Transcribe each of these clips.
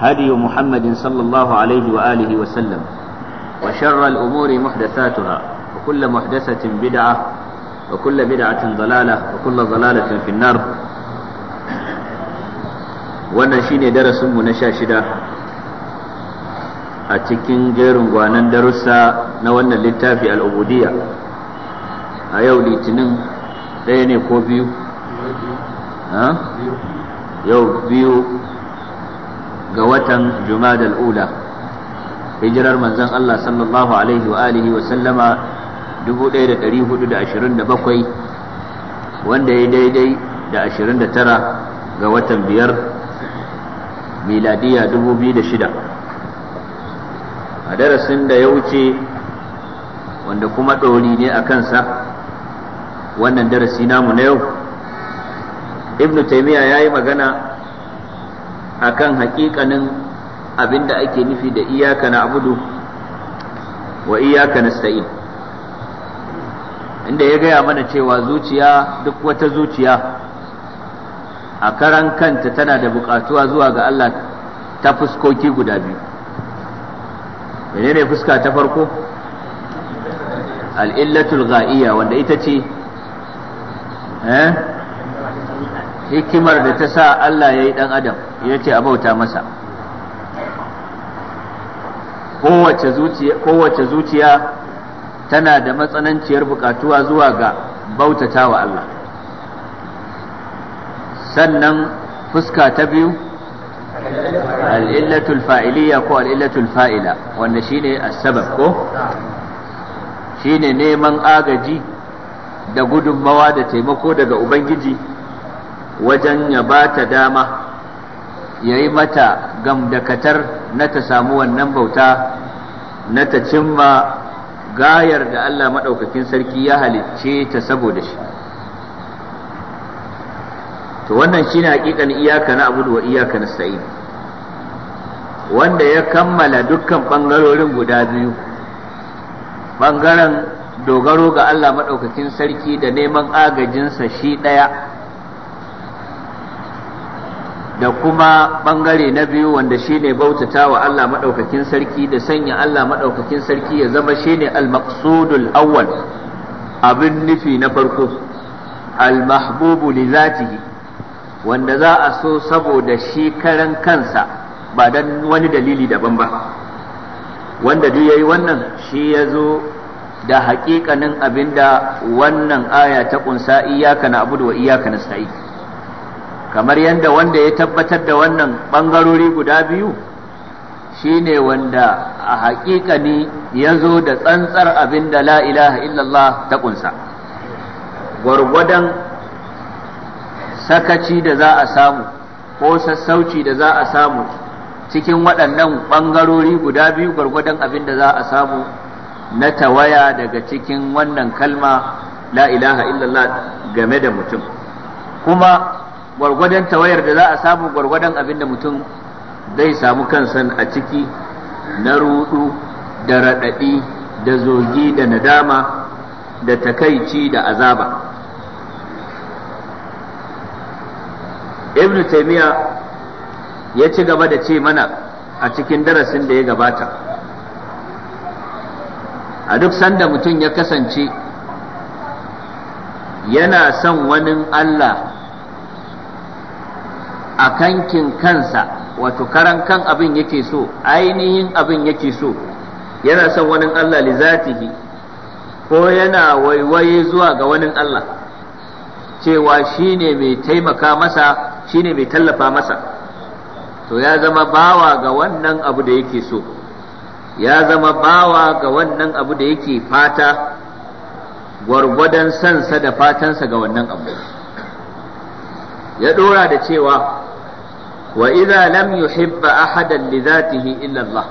هدي محمد صلى الله عليه وآله وسلم وشر الأمور محدثاتها وكل محدثة بدعة وكل بدعة ضلالة وكل ضلالة في النار wannan shine darasinmu na sha shida a cikin jerin gwanan darussa na wannan littafi al'ubudiyya a yau litinin ɗaya ne ko biyu yau biyu ga watan Jumadal Ula hijirar manzon Allah sallallahu alaihi wa alihi wa sallama 1427 wanda ya daidai da 29 ga watan biyar miladiya 2006 a darasin da ya wuce wanda kuma ɗori ne a kansa wannan darasi namu na yau ibnu taimiyya ya yi magana akan haƙiƙanin abinda ake nufi da iyaka na abudu wa iyaka nasta'in inda ya gaya mana cewa zuciya duk wata zuciya a karan kanta tana da buƙatuwa zuwa ga Allah ta fuskoki guda biyu menene fuska ta farko al'illatul ga'iya wanda ita ce eh, hikimar da ta sa Allah ya yi ɗan adam ya ce a bauta masa kowace zuciya tana da matsananciyar bukatuwa zuwa ga bautata wa Allah sannan fuska ta biyu al'illatul fa'iliya ko al'illatul fa'ila wanda shine sabab ko shine neman agaji da gudunmawa da taimako daga ubangiji wajen ya ba ta dama ya yi mata gamdakatar na ta samu wannan bauta na ta cimma gayar da Allah maɗaukakin sarki ya halicce ta saboda shi to wannan shi shine hakikan iyaka na abu wa iyaka na sai, wanda ya kammala dukkan ɓangarorin guda biyu ɓangaren dogaro ga Allah maɗaukakin sarki da neman agajinsa shi ɗaya da kuma bangare na biyu wanda shine bautata wa Allah Maɗaukakin sarki da sanya Allah Maɗaukakin sarki ya zama shine al-maqsudul awwal abin nufi na farko al-mahbubu li zatihi wanda za a so saboda shi karan kansa ba dan wani dalili daban ba wanda duk yayi wannan shi ya zo da haƙiƙanin abinda wannan aya ta kunsa iyaka na abudu wa iyaka nasta'in kamar yadda wanda ya tabbatar da wannan ɓangarori guda biyu shine wanda a haƙiƙani ya zo da tsantsar abin da la ilaha illallah ta ƙunsa gwargwadon sakaci da za a samu ko sassauci da za a samu cikin waɗannan ɓangarori guda biyu gwargwadon abin da za a samu na tawaya daga cikin wannan kalma la ilaha illallah game da mutum kuma gwargwadon tawayar da za a samu gwargwadon abin da mutum zai samu kansa a ciki na rudu da raɗaɗi da zogi da nadama da takaici da azaba ibn taymiya ya ci gaba da ce mana a cikin darasin da ya gabata a duk sanda mutum ya kasance yana son wani Allah a kankin kansa wato karan kan abin yake so ainihin abin yake so yana son wani Allah li zatihi ko yana waiwaye zuwa ga wani Allah cewa shine mai taimaka masa shine mai tallafa masa to ya zama bawa ga wannan abu da yake so ya zama bawa ga wannan abu da yake fata gwargwadon sansa da fatansa ga wannan abu ya dora da cewa wa idza lam yuhibba ahadan li zatihi illa Allah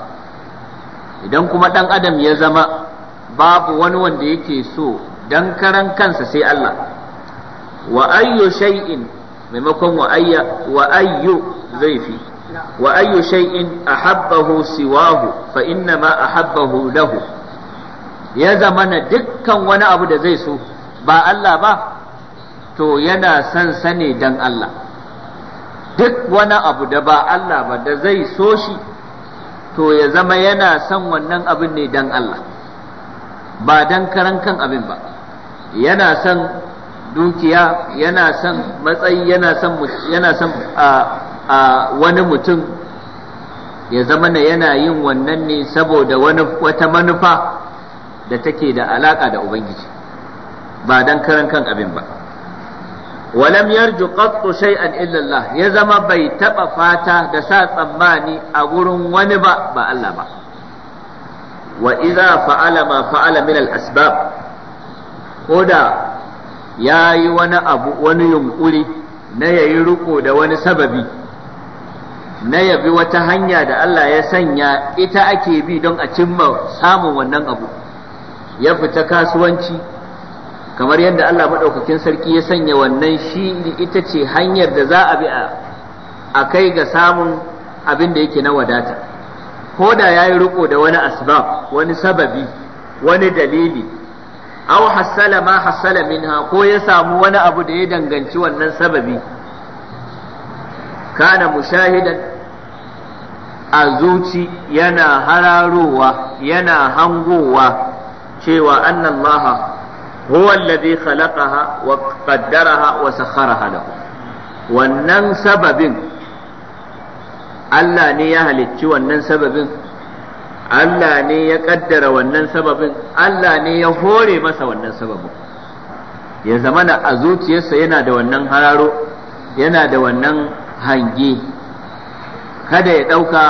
idan kuma dan adam ya zama babu wani wanda yake so dan karan kansa sai Allah wa ayyu shay'in maimakon wa ayya wa zai fi wa ayyu shay'in ahabbahu siwahu fa inna ma ahabbahu dahu ya zama na dukkan wani abu da zai so ba Allah ba to yana son sane dan Allah duk wani abu da ba Allah ba da zai so shi to ya zama yana son wannan abin ne dan Allah ba dan karan kan abin ba yana son dukiya yana son matsayi yana son yana son a wani mutum ya zama na yana yin wannan ne saboda wata manufa da take da alaka da ubangiji ba dan karan kan abin ba walam yarju qattu shay'an Allah ya zama bai taɓa fata da sa tsammani a gurin wani ba ba Allah ba wa fa'ala ma fa'ala min al asbab koda yayi wani abu wani yunƙuri na yayi riƙo da wani sababi na yabi wata hanya da Allah ya sanya ita ake bi don a cimma samun wannan abu ya fita kasuwanci kamar yadda Allah maɗaukakin sarki ya sanya wannan shi ita ce hanyar da za a bi a kai ga samun abin da yake na wadata ko da ya yi riko da wani asbab wani sababi wani dalili aw hassala ma hassala minha ko ya samu wani abu da ya danganci wannan sababi kana mushahidan a yana hararowa yana hangowa cewa annallaha huwa alladhi khalaqaha wa qaddaraha wa sakharaha lahu wannan sababin Allah ne ya halicci wannan sababin Allah ne ya kaddara wannan sababin Allah ne ya hore masa wannan sababin ya zamana a zuciyarsa yana da wannan hararo yana da wannan hange kada ya ɗauka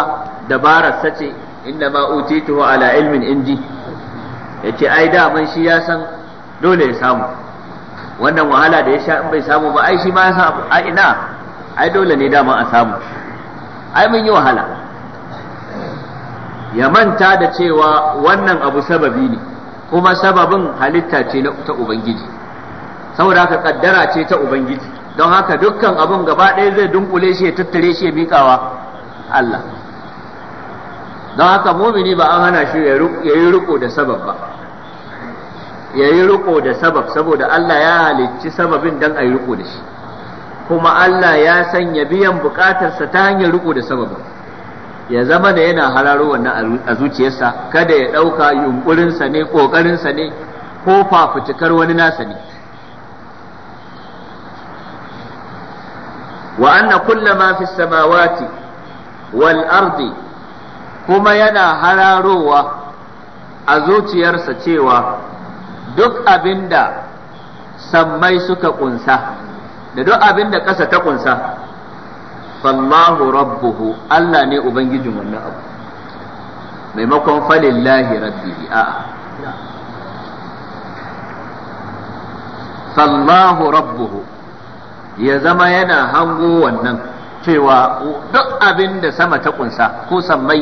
dabararsa ce inda ma utituhu ala ilmin inji ya ce ai daman shi ya san dole ya samu wannan wahala da ya sha in bai samu ba ai shi ma ya samu a ina ai dole ne dama a samu ai mun yi wahala ya manta da cewa wannan abu sababi ne kuma sababin halitta ce ta ubangiji saboda haka kaddara ce ta ubangiji don haka dukkan abun gaba ɗaya zai dunkule shi ya tattare shi ya miƙawa Allah don haka mumini ba an hana shi ya yi riko da sabab ba ya yi riko da sabab saboda Allah ya halicci sababin don a yi riko da shi kuma Allah ya sanya biyan bukatarsa ta hanyar riko da sababin ya zama da yana hararo wannan a zuciyarsa kada ya ɗauka yunkurinsa ne ƙoƙarinsa ne ko fafutukar wani nasa ne wa anna kulla ma fi samawati wal ardi kuma yana hararowa a zuciyarsa cewa duk abinda sammai suka kunsa da duk abinda da ƙasa ta kunsa fallahu rabbuhu Allah ne ubangijin wannan abu maimakon falillahi rabbihi a'a fallahu rabbuhu ya zama yana hango wannan cewa duk abinda sama ta kunsa ko sammai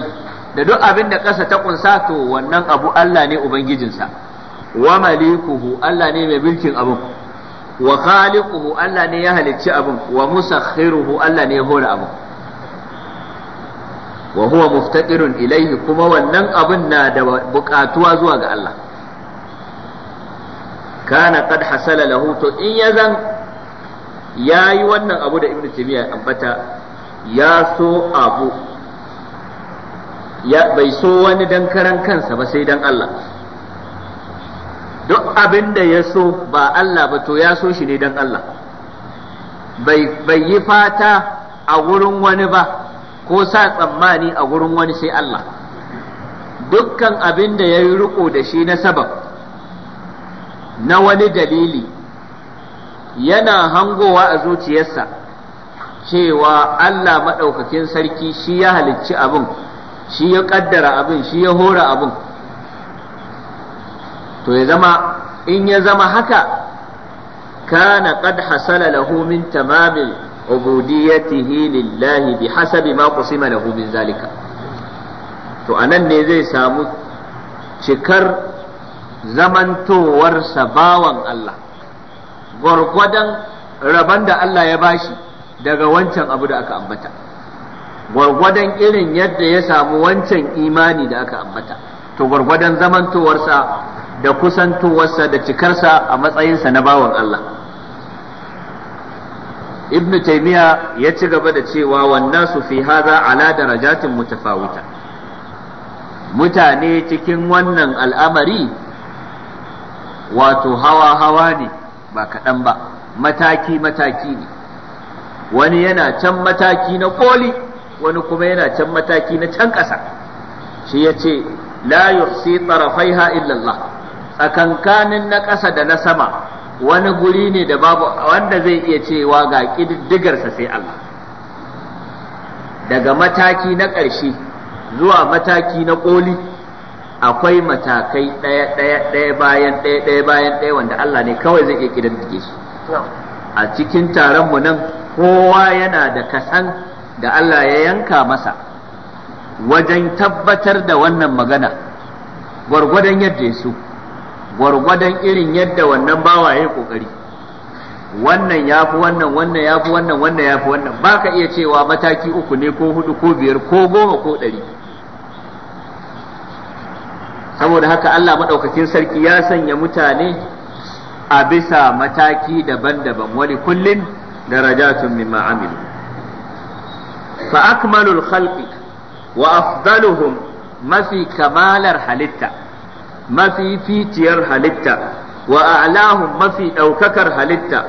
da duk abinda da ƙasa ta kunsa to wannan abu Allah ne ubangijinsa wa malikuhu Allah ne mai mulkin abin wa khaliquhu Allah ne ya halicci abin wa musakhiruhu Allah ne ya hore abin wa huwa muftaqirun ilaihi kuma wannan abin na da bukatuwa zuwa ga Allah kana qad hasala lahu to in ya zan yayi wannan abu da ibnu taymiya ambata ya so abu ya bai so wani dan karan kansa ba sai dan Allah duk abin da ya so ba Allah ba to ya so shi ne don Allah bai yi fata a wurin wani ba ko sa tsammani a wurin wani sai Allah dukkan abin da ya yi riko da shi na sabab na wani dalili yana hangowa a zuciyarsa cewa Allah maɗaukakin sarki shi ya halicci abin shi ya ƙaddara abin shi ya hora abin to ya zama in ya zama haka kana qad hasala lahu min tamami ubudiyatihi lillahi bi hasabi ma qusima lahu min zalika to anan ne zai samu cikar zamantowar bawan Allah gwargwadon rabon da Allah ya bashi daga wancan abu da aka ambata gwargwadon irin yadda ya samu wancan imani da aka ambata to gwargwadon zamantowarsa da kusantowarsa da cikarsa a matsayinsa na bawan Allah ibn taymiya ya ci gaba da cewa wannan su fi haza ala darajatin mutafawita mutane cikin wannan al'amari wato hawa hawa ne ba kaɗan ba mataki mataki ne wani yana can mataki na koli wani kuma yana can mataki na can ƙasa shi ya ce la tsarafai tarafaiha illallah tsakankanin na ƙasa da na sama wani guri ne da babu wanda zai iya cewa ga ƙididdigarsa sai Allah daga mataki na ƙarshe zuwa mataki na ƙoli akwai matakai ɗaya ɗaya ɗaya bayan ɗaya ɗaya bayan ɗaya wanda Allah ne kawai zai iya ƙididdige shi a cikin taron mu nan kowa yana da kasan da Allah ya yanka masa wajen tabbatar da wannan magana gwargwadon yadda ya so gwargwadon irin yadda wannan bawa ya yi kokari wannan ya fi wannan wannan ya fi wannan wannan ya fi wannan ba ka iya cewa mataki uku ne ko hudu ko biyar ko goma ko ɗari saboda haka Allah maɗaukakin sarki ya sanya mutane a bisa mataki daban-daban wani kullum darajatun mimma amilu fa akmalul khalqi wa afdaluhum mafi kamalar halitta mafi ficiyar halitta wa a'lahum mafi ɗaukakar halitta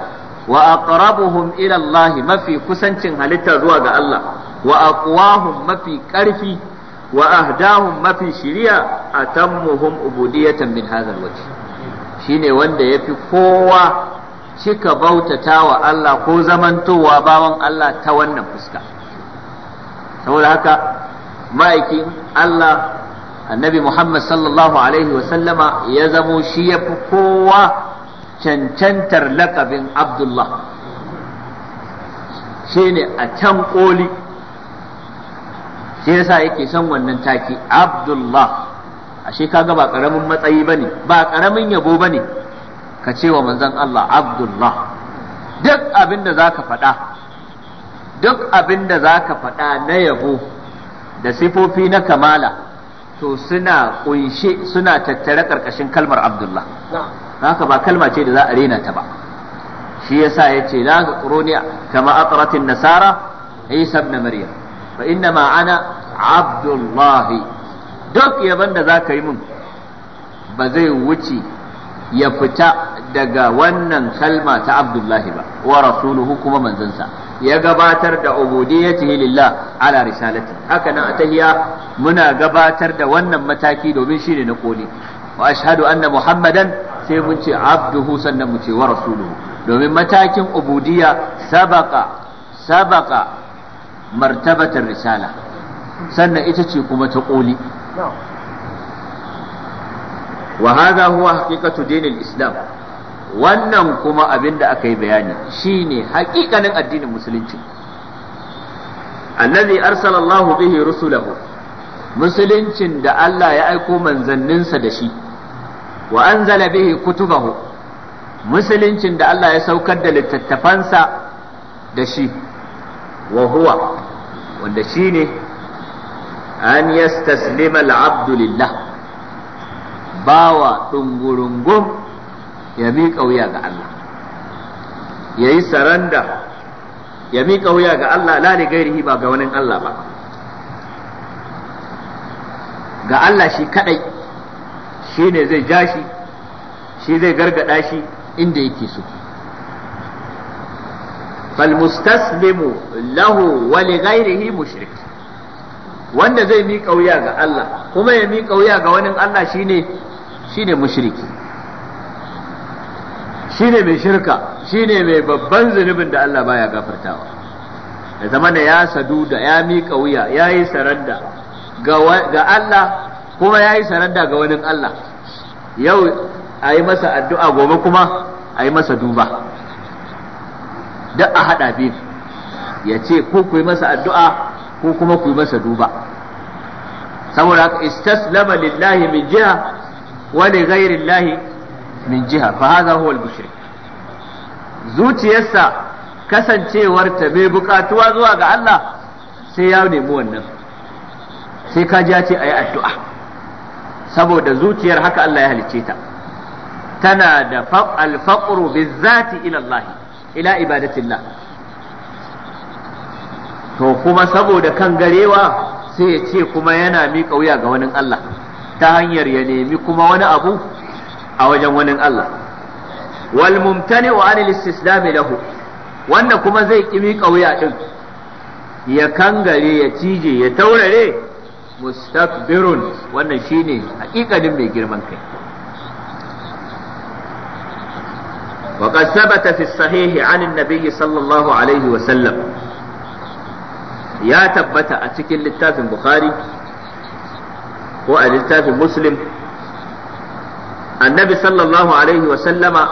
wa aqrabuhum ila mafi kusancin halitta zuwa ga Allah wa aqwahum mafi karfi wa ahdahum mafi shiriya atammuhum ubudiyatan min hadha alwajh shine wanda yafi kowa cika bautata wa Allah ko zamantowa bawan Allah ta wannan fuska saboda haka ma'aikin Allah annabi Muhammad sallallahu alaihi wa sallama ya zamo shi ya fi kowa cancantar lakabin Abdullah shi ne a can koli shi yasa yake son wannan taki Abdullah ashe kaga ba ƙaramin matsayi ba ne? ba ƙaramin yabo ba ne. ka ce wa manzon Allah Abdullah duk abin da ka faɗa duk abin da zaka faɗa na yabo da sifofi na kamala to suna kunshe suna tattare karkashin kalmar abdullah haka ba kalma ce da za a rena ta ba shi yasa yace la quruni kama atratin nasara isa ibn maryam fa inna ma ana abdullah duk yaban da ka yi mun ba zai wuce ya fita daga wannan kalma ta abdullahi ba wa rasuluhu kuma manzansa ya gabatar da ubudiyyatihi lillah ala risalati haka nan atahiya muna gabatar da wannan mataki domin shine na koli wa ashhadu anna muhammadan sai mun ce abduhu sannan mu ce wa rasuluhu domin matakin ubudiyya sabaka sabaka martabatar risala sannan ita ce kuma ta koli wa hadha huwa haqiqatu dinil islam wannan kuma abin da aka yi bayani shine haƙiƙanin addinin musulunci allazi arsalallahu bihi rusulahu musuluncin da Allah ya aiko manzanninsa da shi wa zala bihi kutubahu musuluncin da Allah ya saukar da littattafansa da shi wa huwa wanda shine an yastaslima al lillah bawa ɗungurungun. ya miƙa wuya ga Allah ya yi saranda ya miƙa wuya ga Allah la li gairihi ba ga wani Allah ba ga Allah shi kadai shi ne zai ja shi shi zai gargada shi inda yake so lahu له gairihi mushrik wanda zai miƙa wuya ga Allah kuma ya miƙa wuya ga wani Allah shi ne mushriki shine mai shirka shine mai babban zunubin da Allah baya gafartawa da ya sadu da ya miƙa wuya ya yi saranda ga Allah kuma ya yi saranda ga wani Allah yau a yi masa addu'a gobe kuma a yi masa duba da a haɗa biyu ya ce ko ku yi masa addu'a ko kuma ku yi masa duba saboda haka istaslama lillahi min jiha wani gairin lahi min jiha fa hadha huwa al zuciyarsa kasancewar ta bai bukatuwa zuwa ga Allah sai ya nemi wannan sai ka ja ce ayi addu'a saboda zuciyar haka Allah ya halicce ta tana da al bizati ila Allah ila ibadatillah to kuma saboda kan garewa sai ya ce kuma yana miƙa wuya ga wani Allah ta hanyar ya nemi kuma wani abu a wajen wani Allah wal mumtani'u anil istislami lahu wanda kuma zai kimi kauya din ya kangare ya cije ya taurare mustakbirun wannan shine hakikanin mai girman kai وقد ثبت في الصحيح عن النبي صلى الله عليه وسلم يا تبت أتكل للتاف البخاري وأتكل للتاف مسلم annabi sallallahu alaihi wa sallama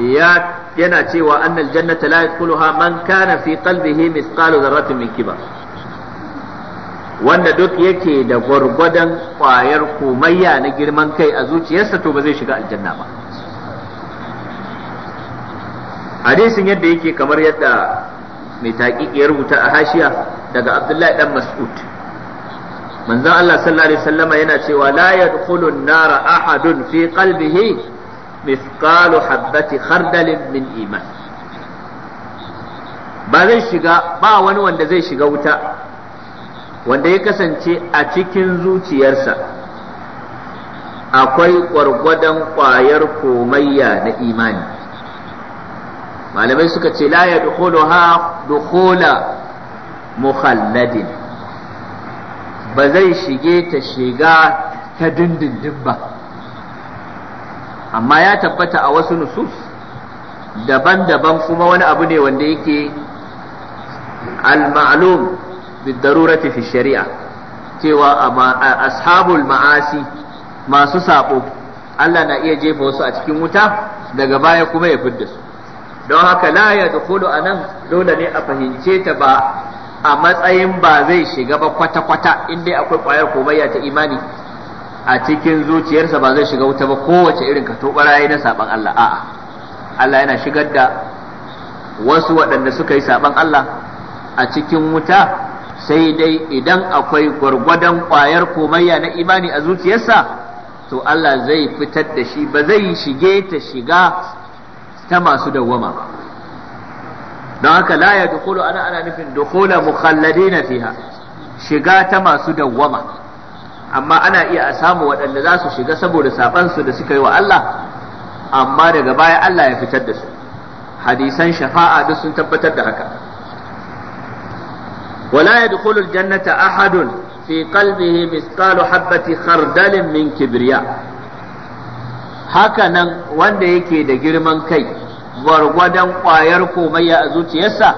ya yana cewa annal jannata la yadkhuluha man kana fi qalbihi mithqalu dharratin min kibar wanda duk yake da gwargwadon kwayar komayya na girman kai a zuciyarsa to ba zai shiga aljanna ba hadisin yadda yake kamar yadda mai taƙiƙi ya rubuta a hashiya daga abdullahi dan mas'ud manzon Allah sallallahu alaihi wasallama yana cewa la yadkhulu an-nara ahadun fi qalbihi mithqalu habbati khardalin min iman ba zai shiga ba wani wanda zai shiga wuta wanda ya kasance a cikin zuciyarsa akwai gwargwadon ƙwayar komayya na imani malamai suka ce la yadkhulu ha dukhula mukhalladin ba zai shige ta shiga ta dindindin ba amma ya tabbata a wasu nusus daban-daban kuma wani abu ne wanda yake al-ma'lum bidarurati fi shari'a cewa ashabul ma'asi masu sabo Allah na iya jefa wasu a cikin wuta daga baya kuma ya fidda su don haka la ya dukulu a nan dole ne a fahimce ta ba a matsayin ba zai shiga ba kwata-kwata in dai akwai ƙwayar komayya ta imani a cikin zuciyarsa ba zai shiga wuta ba kowace irin ka tobara na saban Allah a'a Allah yana shigar da wasu waɗanda suka yi saban Allah a cikin wuta sai dai idan akwai gwargwadon ƙwayar komayya na imani a zuciyarsa to Allah zai fitar da shi ba zai shige ta shiga ta masu dawwama ba don haka la ya dukulu ana ana nufin dukula mukhalladina fiha shiga ta masu dawwama amma ana iya a samu waɗanda za su shiga saboda saɓansu da suka yi wa Allah amma daga baya Allah ya fitar da su hadisan shafa'a duk sun tabbatar da haka wala yadkhulu aljannata ahadun fi qalbihi misqalu habati khardalin min kibriya haka nan wanda yake da girman kai gwargwadon ƙwayar komayya a zuciyarsa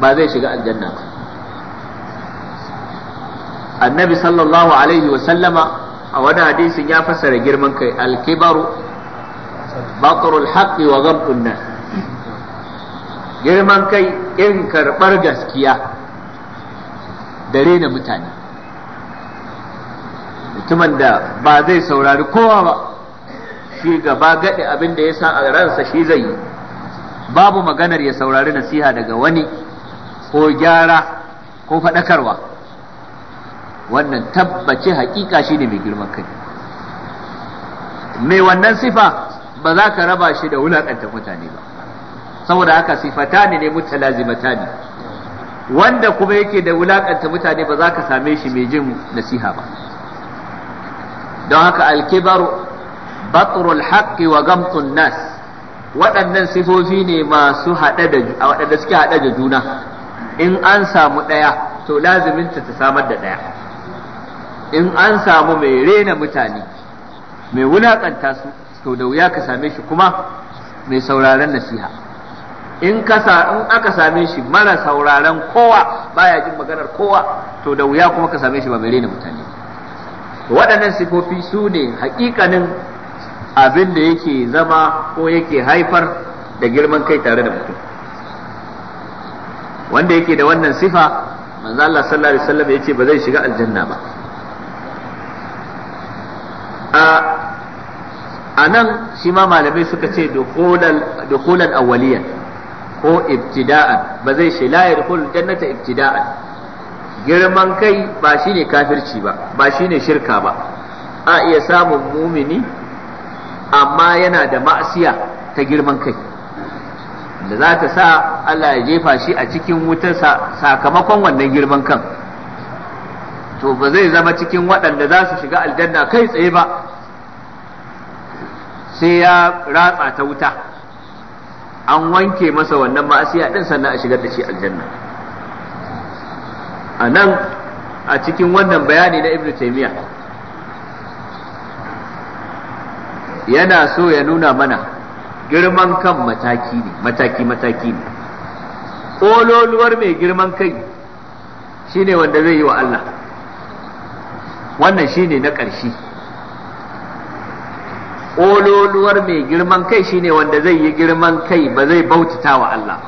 ba zai shiga aljanna ba annabi sallallahu alaihi wa sallama a wani hadisin ya fassara girman kai alkibaru bakarul haqqi wa ghamdun nas girman kai in karɓar gaskiya da rena mutane mutumin da ba zai saurari kowa ba shi gaba gaɗe abin da ya sa a ransa shi zai yi babu maganar ya saurari nasiha daga wani ko gyara ko faɗakarwa wannan tabbace haƙiƙa shi ne mai girman kai mai wannan sifa ba za ka raba shi da wulaƙanta mutane ba saboda haka sifata ne ne mutalazimata ne wanda kuma yake da wulaƙanta mutane ba za ka same shi mai jin nasiha ba don haka alkibaru batrul haqqi wa gamtun nas waɗannan sifofi ne masu haɗe da waɗanda suke haɗe da juna in an samu ɗaya to lazimin ta samar da ɗaya in an samu mai rena mutane mai wulakanta su to da wuya ka same shi kuma mai sauraron nasiha in in aka same shi mara sauraron kowa baya jin maganar kowa to da wuya kuma ka same shi ba mai rena mutane waɗannan sifofi su ne hakikanin abin da yake zama ko yake haifar da girman kai tare da mutum wanda yake da wannan sifa manzo Allah sallallahu alaihi wasallam yace ba zai shiga aljanna ba a nan shi ma malamai suka ce dukhulal awwaliyan ko ibtida'an ba zai shi la yadkhul jannata ibtida'an girman kai ba shine kafirci ba ba shine shirka ba a iya samun mumini amma yana da ma'asiya ta girman kai da za ta sa Allah ya jefa shi a cikin wutar sakamakon wannan girman kan to ba zai zama cikin waɗanda za su shiga aljanna kai tsaye ba sai ya ratsa ta wuta an wanke masa wannan ma'asiya ɗin sannan a shigar da shi aljanna a nan a cikin wannan bayani na ibn taymiyyah yana so ya nuna mana girman kan mataki ne mataki mataki ne ƙololuwar mai girman kai shine wanda zai yi wa Allah wannan shine na ƙarshe ƙololuwar mai girman kai shine wanda zai yi girman kai ba zai bautata wa Allah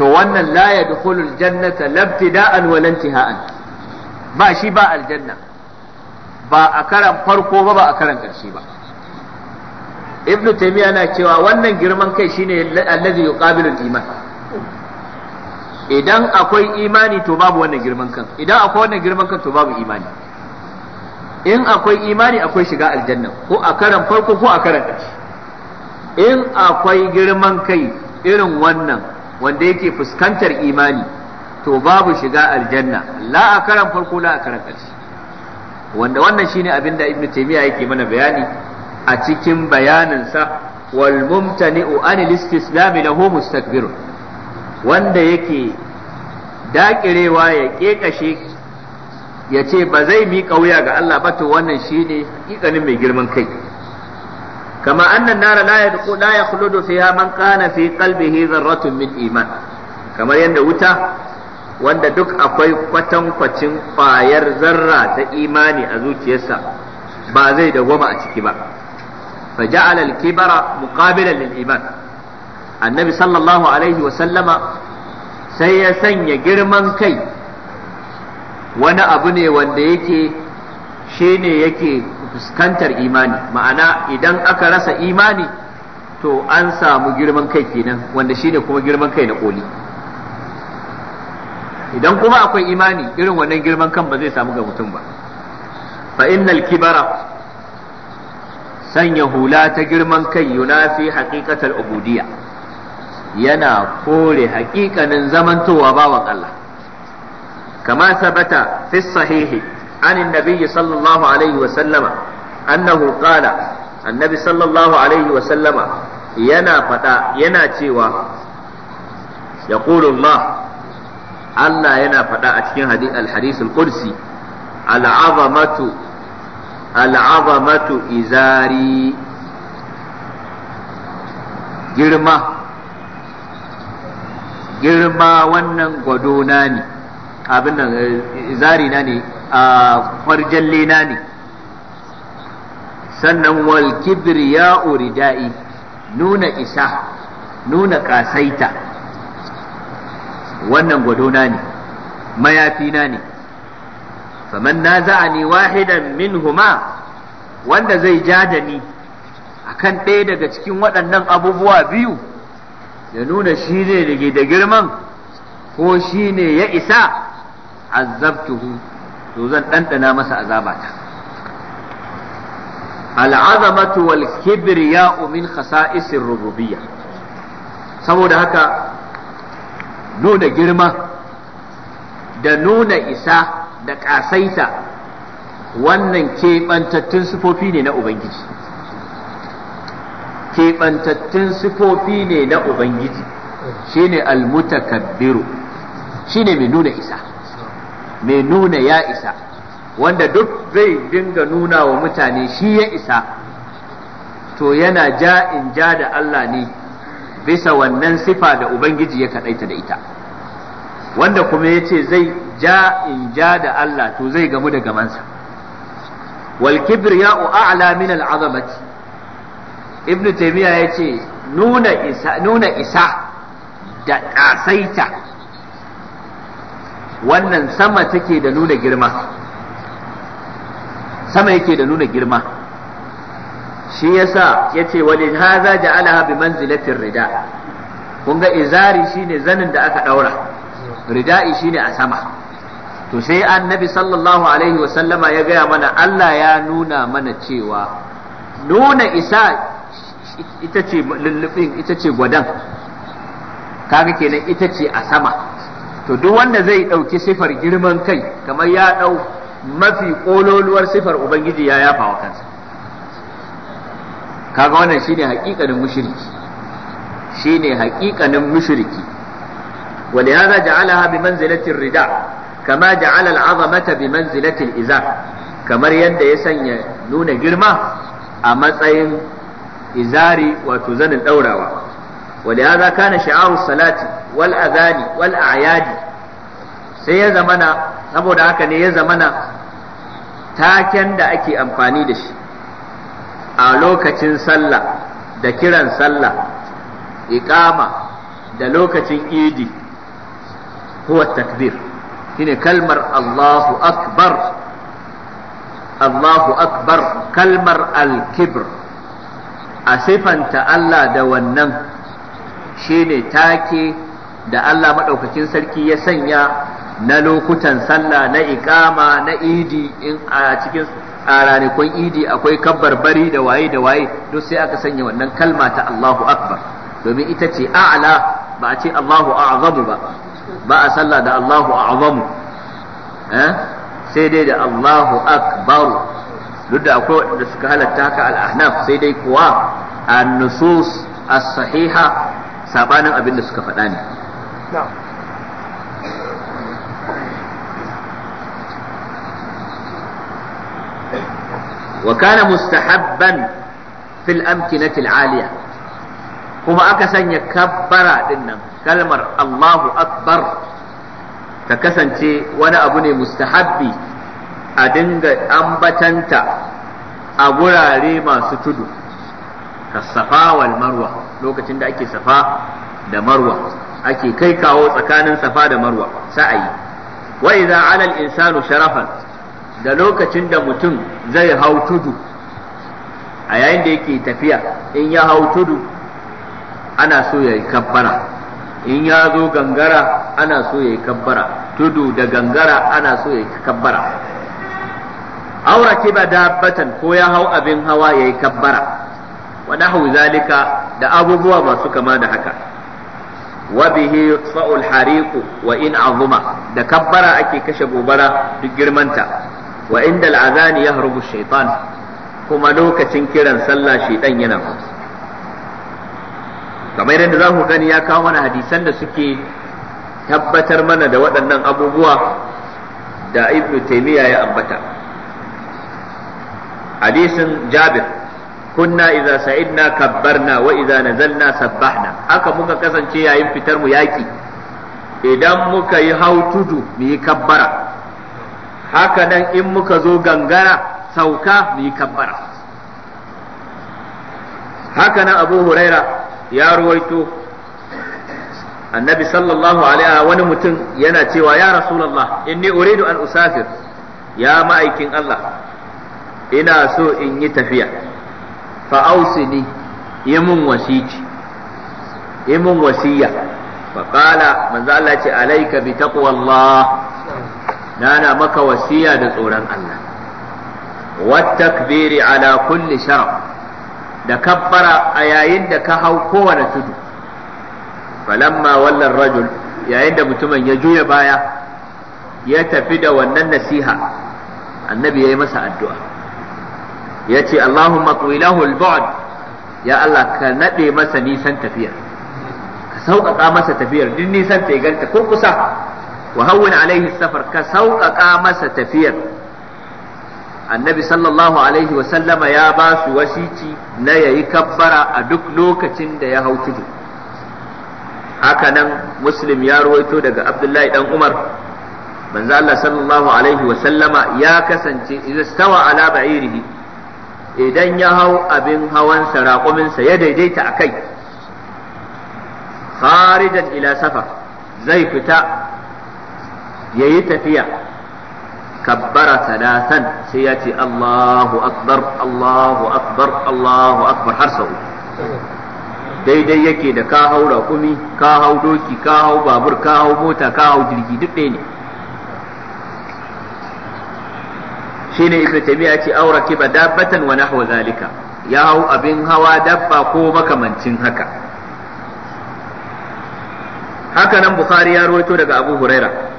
to wannan la yadkhulul jannata labtida'an wa lantiha'an ba shi ba aljanna ba a karan farko ba ba a karan ƙarshe ba ibnu taymiya na cewa wannan girman kai shine allazi yuqabilu iman idan akwai imani to babu wannan girman kan idan akwai wannan girman kan to babu imani in akwai imani akwai shiga aljanna ko a karan farko ko a karan ƙarshe in akwai girman kai irin wannan wanda yake fuskantar imani to babu shiga aljanna la a karan farko la a karan ƙarshe wanda wannan shine abin da ibnu taymiya yake mana bayani a cikin bayaninsa wal mumtani'u anil istislam lahu mustakbir wanda yake dakirewa ya kekashe ya ce ba zai miƙa wuya ga Allah ba to wannan shine ikanin mai girman kai kama annan nara la yadqu la yakhludu fiha man kana fi qalbihi dharratun min iman kamar yadda wuta wanda duk akwai kwatankwacin kwayar zarra ta imani a zuciyarsa ba zai da dawwama a ciki ba fa ja'ala al-kibara muqabilan lil iman annabi sallallahu alaihi wa sallama sai ya sanya girman kai wani abu ne wanda yake shine yake fuskantar imani ma'ana idan aka rasa imani to an samu girman kai kenan wanda shine kuma girman kai na koli idan kuma akwai imani irin wannan girman kan ba zai samu ga mutum ba fa innal kibara sanya hula ta girman kai yunafi haqiqatal ubudiyya yana kore haƙiƙanin zamantowa bawa Allah kama sabata fi sahihi an annabi sallallahu alaihi wa sallama annahu qala annabi sallallahu alaihi wa sallama yana fada yana cewa yaqulu Allah Allah yana faɗa a cikin al-hadith al-qudsi al-azamatu izari girma girma wannan gwadona ne abin da eh, izari na ne a farjalle na ne sannan wal kibriya ridai nuna isa nuna kasaita wannan gwadona ne mayafina ne kamar na za'ani wahidan min huma wanda zai ja da ni akan ɗaya daga cikin waɗannan abubuwa biyu ya nuna shi ne da girman ko shi ne ya isa azabtuhu to zan ɗanɗana masa azabata al'azamatu wal kibriya'u min khasa'isir rububiyya saboda haka nuna girma da nuna isa da ƙasaita wannan keɓantattun sifofi ne na ubangiji keɓantattun sifofi ne na ubangiji shi shine almutakabbiru ne mai nuna isa mai nuna ya isa wanda duk zai dinga nuna wa mutane shi ya isa to yana ja in ja da Allah ne bisa wannan sifa da ubangiji ya ta da ita wanda kuma ya ce zai ja in ja da Allah to zai gamu da gamansa wal ya a'la min al’azamati, Ibn ibnu ya ce nuna isa nuna isa da ƙasaita, wannan sama take da nuna girma sama yake da nuna girma shi yasa yace wali hadha ja'alaha bi manzilatir rida kun ga izari shine zanin da aka daura rida'i shine a sama to sai annabi sallallahu alaihi wa sallama ya gaya mana Allah ya nuna mana cewa nuna isa ita ce lullubin ita ce gwadan kaga kenan ita ce a sama to duk wanda zai ɗauki sifar girman kai kamar ya ɗau mafi ƙololuwar sifar ubangiji ya yafa wa kansa kaga wannan shine haƙiƙanin mushiriki, shine haƙiƙanin mushriki ولهذا جعلها بمنزلة الرداء كما جعل العظمة بمنزلة الإزار kamar yadda ya sanya nuna girma a matsayin izari wato zanin daurawa ولهذا كان شعار الصلاة والأذان yadi? sai ya zamana saboda haka ne ya zamana taken da ake amfani da shi a lokacin sallah da kiran sallah iqama da lokacin idi huwa takbir shine kalmar Allahu akbar Allahu akbar kalmar al-kibr a sifanta Allah da wannan shine take da Allah maɗaukakin sarki ya sanya na lokutan sallah na iƙama na idi in a cikin a ranakun idi akwai kabbar bari da waye da waye duk sai aka sanya wannan kalma ta Allahu akbar domin ita ce a'la ba a ce Allahu a'zamu ba ba a sallah da Allahu a'zamu eh sai dai da Allahu akbar duk da akwai wanda suka halatta haka al-ahnaf sai dai kuwa an-nusus as-sahiha sabanin abin da suka faɗa ne Wakana mustahabban fil amkinati aliya kuma aka sanya kabbara ɗinnan, kalmar Allahu akbar ta kasance wani abu ne mustahabbi a dinga ambatanta a gurare masu tudu ka safa marwa lokacin da ake safa da marwa ake kai kawo tsakanin safa da marwa sa'ayi wa idza 'ala al-insanu sharafan da lokacin da mutum zai hau tudu a yayin da yake tafiya in ya hau tudu ana so ya yi kabbara in ya zo gangara ana so ya yi kabbara tudu da gangara ana so ya yi kabbara aura ke ba dabbatan ko ya hau abin hawa ya yi kabbara Wani Hauzalika zalika da abubuwa masu kama da haka wa bihi yutsa'ul wa in azuma da kabbara ake kashe gobara duk girmanta wa inda al'azani ya harbu shaitan kuma lokacin kiran sallah shaitan yana kamar yadda za ku gani ya kawo mana hadisan da suke tabbatar mana da waɗannan abubuwa da ibnu taymiya ya ambata hadisin jabir kunna idza sa'idna kabbarna wa idza nazalna sabbahna aka muka kasance yayin fitar mu yaki idan muka yi hau tudu mu yi kabbara Hakanan in muka zo gangara sauka mu yi kabbara Hakanan nan abu huraira ya ruwaito annabi sallallahu alaihi wani mutum yana cewa ya rasulullah inni uridu an usafir ya ma'aikin Allah ina so in yi tafiya fa ausini yi mun wasici yi mun wasiya fa qala manzo Allah ce alayka bi taqwallah nana maka wasiya da tsoron Allah watakbiri ala kulli sharaf da kabbara a yayin da ka hau kowane tudu falamma wallan rajul yayin da mutumin ya juya baya ya tafi da wannan nasiha annabi ya yi masa addu'a ya ce Allahumma qwilahu al ya Allah ka naɗe masa nisan tafiyar? ka sauƙaƙa masa tafiyar duk nisan ta ganta ko kusa wa hawwin safar ka sauƙaƙa masa tafiyar annabi sallallahu ya basu su wasici na yayi kabbara a duk lokacin da ya hau tudu haka nan muslim ya ruwaito daga abdullahi dan umar manzo Allah ya kasance istawa ala ba'irihi idan ya hau abin hawansa raƙuminsa ya daidaita a kai Faridan ilasafar zai fita yayi tafiya kabbara sadasan sai ya ce Allahu akbar Allahu akbar Allahu akbar har sau daidai yake da ka hau raƙumi ka hau doki ka hau babur ka hau mota ka hau jirgi duk ɗaya ne shine ibnu ya ce aura kiba dabbatan wa nahwa zalika ya hau abin hawa dabba ko makamancin haka haka nan bukhari ya rawaito daga abu huraira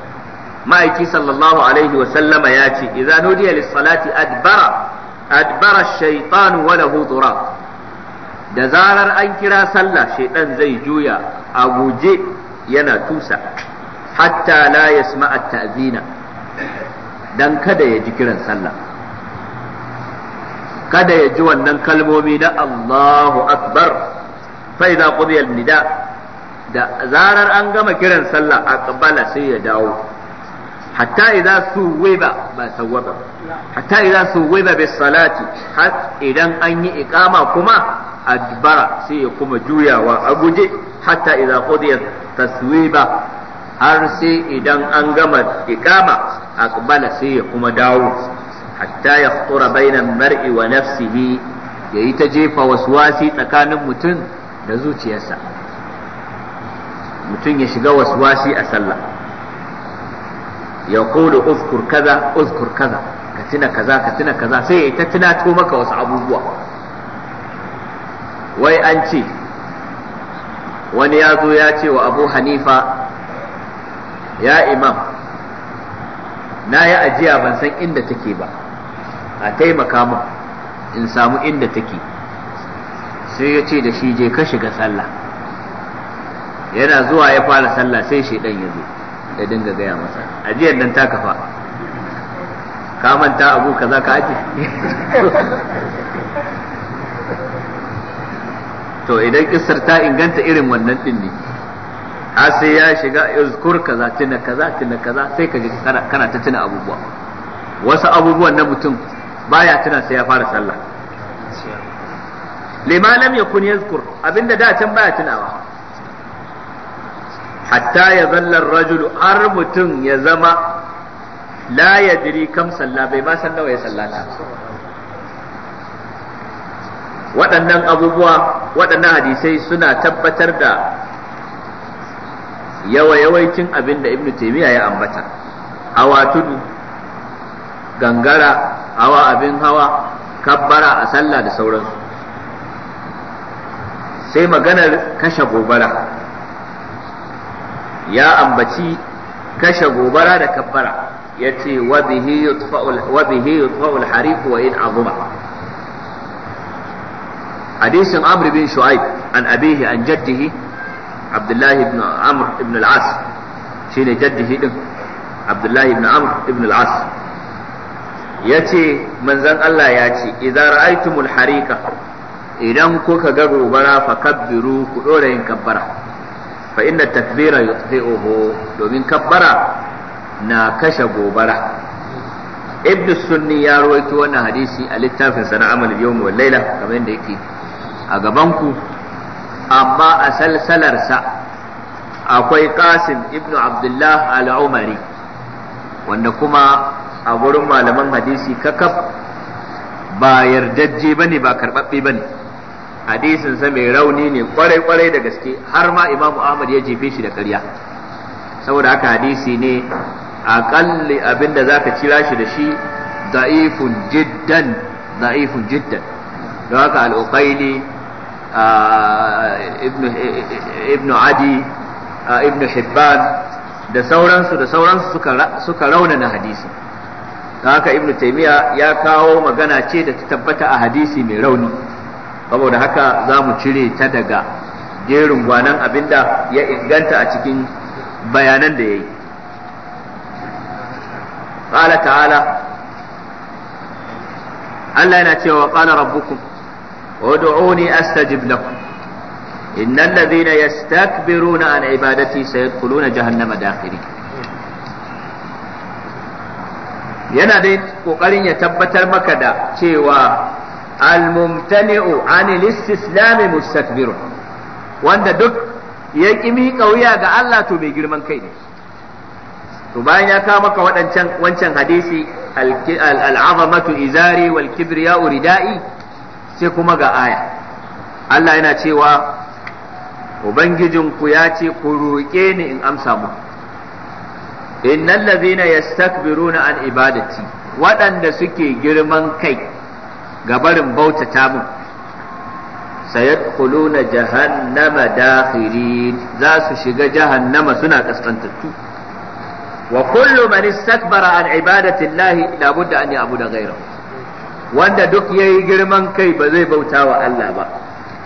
ma'aiki sallallahu alaihi wa sallama ya ce idza nudiya lis-salati adbara adbara ash-shaytanu wa lahu dhurab da zarar an kira sallah shaytan zai juya a guje yana tusa hatta la yasma'a ta'zina dan kada ya ji kiran sallah kada ya ji wannan kalmomi na Allahu akbar fa idza qudiya nida da zarar an gama kiran sallah aqbala sai ya dawo hatta idza suwiba ba sawaba hatta har idan an yi iqama kuma adbara sai ya kuma juyawa a guje hatta idza qudiyat taswiba har sai idan an gama iƙama aqbala sai ya kuma dawo hatta yahtura bainan mar'i wa nafsihi yayi ta jefa waswasi tsakanin mutum da zuciyarsa mutum ya shiga wasi a sallah yaqulu uzkur kaza kaza ka tuna kaza ka tuna kaza sai ya ta tunato maka wasu abubuwa wai an ce wani ya zo ya ce wa abu hanifa ya imam na yi ajiya ban san inda take ba a taimaka min in samu inda take sai ya ce da shi je ka shiga sallah yana zuwa ya fara sallah sai shaidan ya zo ya dinga gaya masa ajiyar nan ta kafa ka manta abu kaza ka aje to idan kissar ta inganta irin wannan din ne har sai ya shiga izkur kaza tuna kaza tuna kaza sai ka ji kana ta tuna abubuwa wasu abubuwan na mutum baya tuna sai ya fara sallah lima lam yakun yazkur abinda da can baya tunawa hatta ya zallar rajul har mutum ya zama la ya diri kam salla bai nawa ya sallata waɗannan abubuwa waɗannan hadisai suna tabbatar da yawa yawaicin abin da ibnu taymiya ya ambata hawa tudu gangara hawa abin hawa kabbara a sallah da sauransu sai maganar kashe gobara ya ambaci kashe gobara da kabbara yace wa bihi yutfa'ul wa bihi yutfa'ul harif wa in azuma hadisin amr bin shu'aib an abihi an jaddihi abdullahi ibn amr ibn al-as shine jaddihi din abdullahi ibn amr ibn al-as yace manzan Allah ya ce idza ra'aytumul harika idan kuka ga gobara fakabbiru ku dora yin kabbara fa inna takbira yutfi'uhu domin kabbara na kashe gobara ibnu sunni ya rawaito wannan hadisi a littafin sana amal yawm wal laila kamar yadda yake a gaban ku amma a salsalarsa akwai qasim Ibnu abdullah al-umari wanda kuma a gurin malaman hadisi kakaf ba yardajje bane ba karbabbe bane hadisin sa mai rauni ne kwarai kwarai da gaske har ma imamu ahmad ya jefe shi da ƙarya saboda haka hadisi ne aƙalli abinda ka cira shi da shi da'ifun jiddan da'ifun jiddan da haka al ibn adi ibn hibban da sauransu da sauransu suka raunana hadisi Da haka ibn taimiya ya kawo magana ce da ta tabbata a hadisi mai rauni saboda haka za mu cire ta daga jerin gwanan abinda ya inganta a cikin bayanan da ya yi ƙala ta'ala Allah yana cewa ƙala rabbukum ud'uni astajib lakum innal ladhina yastakbiruna ana ibadati sayadkhuluna jahannama dakhirin yana dai ƙoƙarin ya tabbatar maka da cewa almumtani'u mumtaniu anil istislami mustakbirun wanda duk ya ki miƙa wuya ga Allah to mai girman kai ne to bayan ya kawo maka waɗancan wancan hadisi al'azamatu izari wal kibriya urida'i sai kuma ga aya Allah yana cewa ubangijinku ya ce ku roƙe ni in amsa mu innal ladhina yastakbiruna an ibadati waɗanda suke girman kai gabarin bautata mun sayadkhuluna jahannama dakhirin za su shiga jahannama suna kaskantattu wa kullu man istakbara an ibadati llahi la budda an ya'budu ghayrahu wanda duk yayi girman kai ba zai bauta wa Allah ba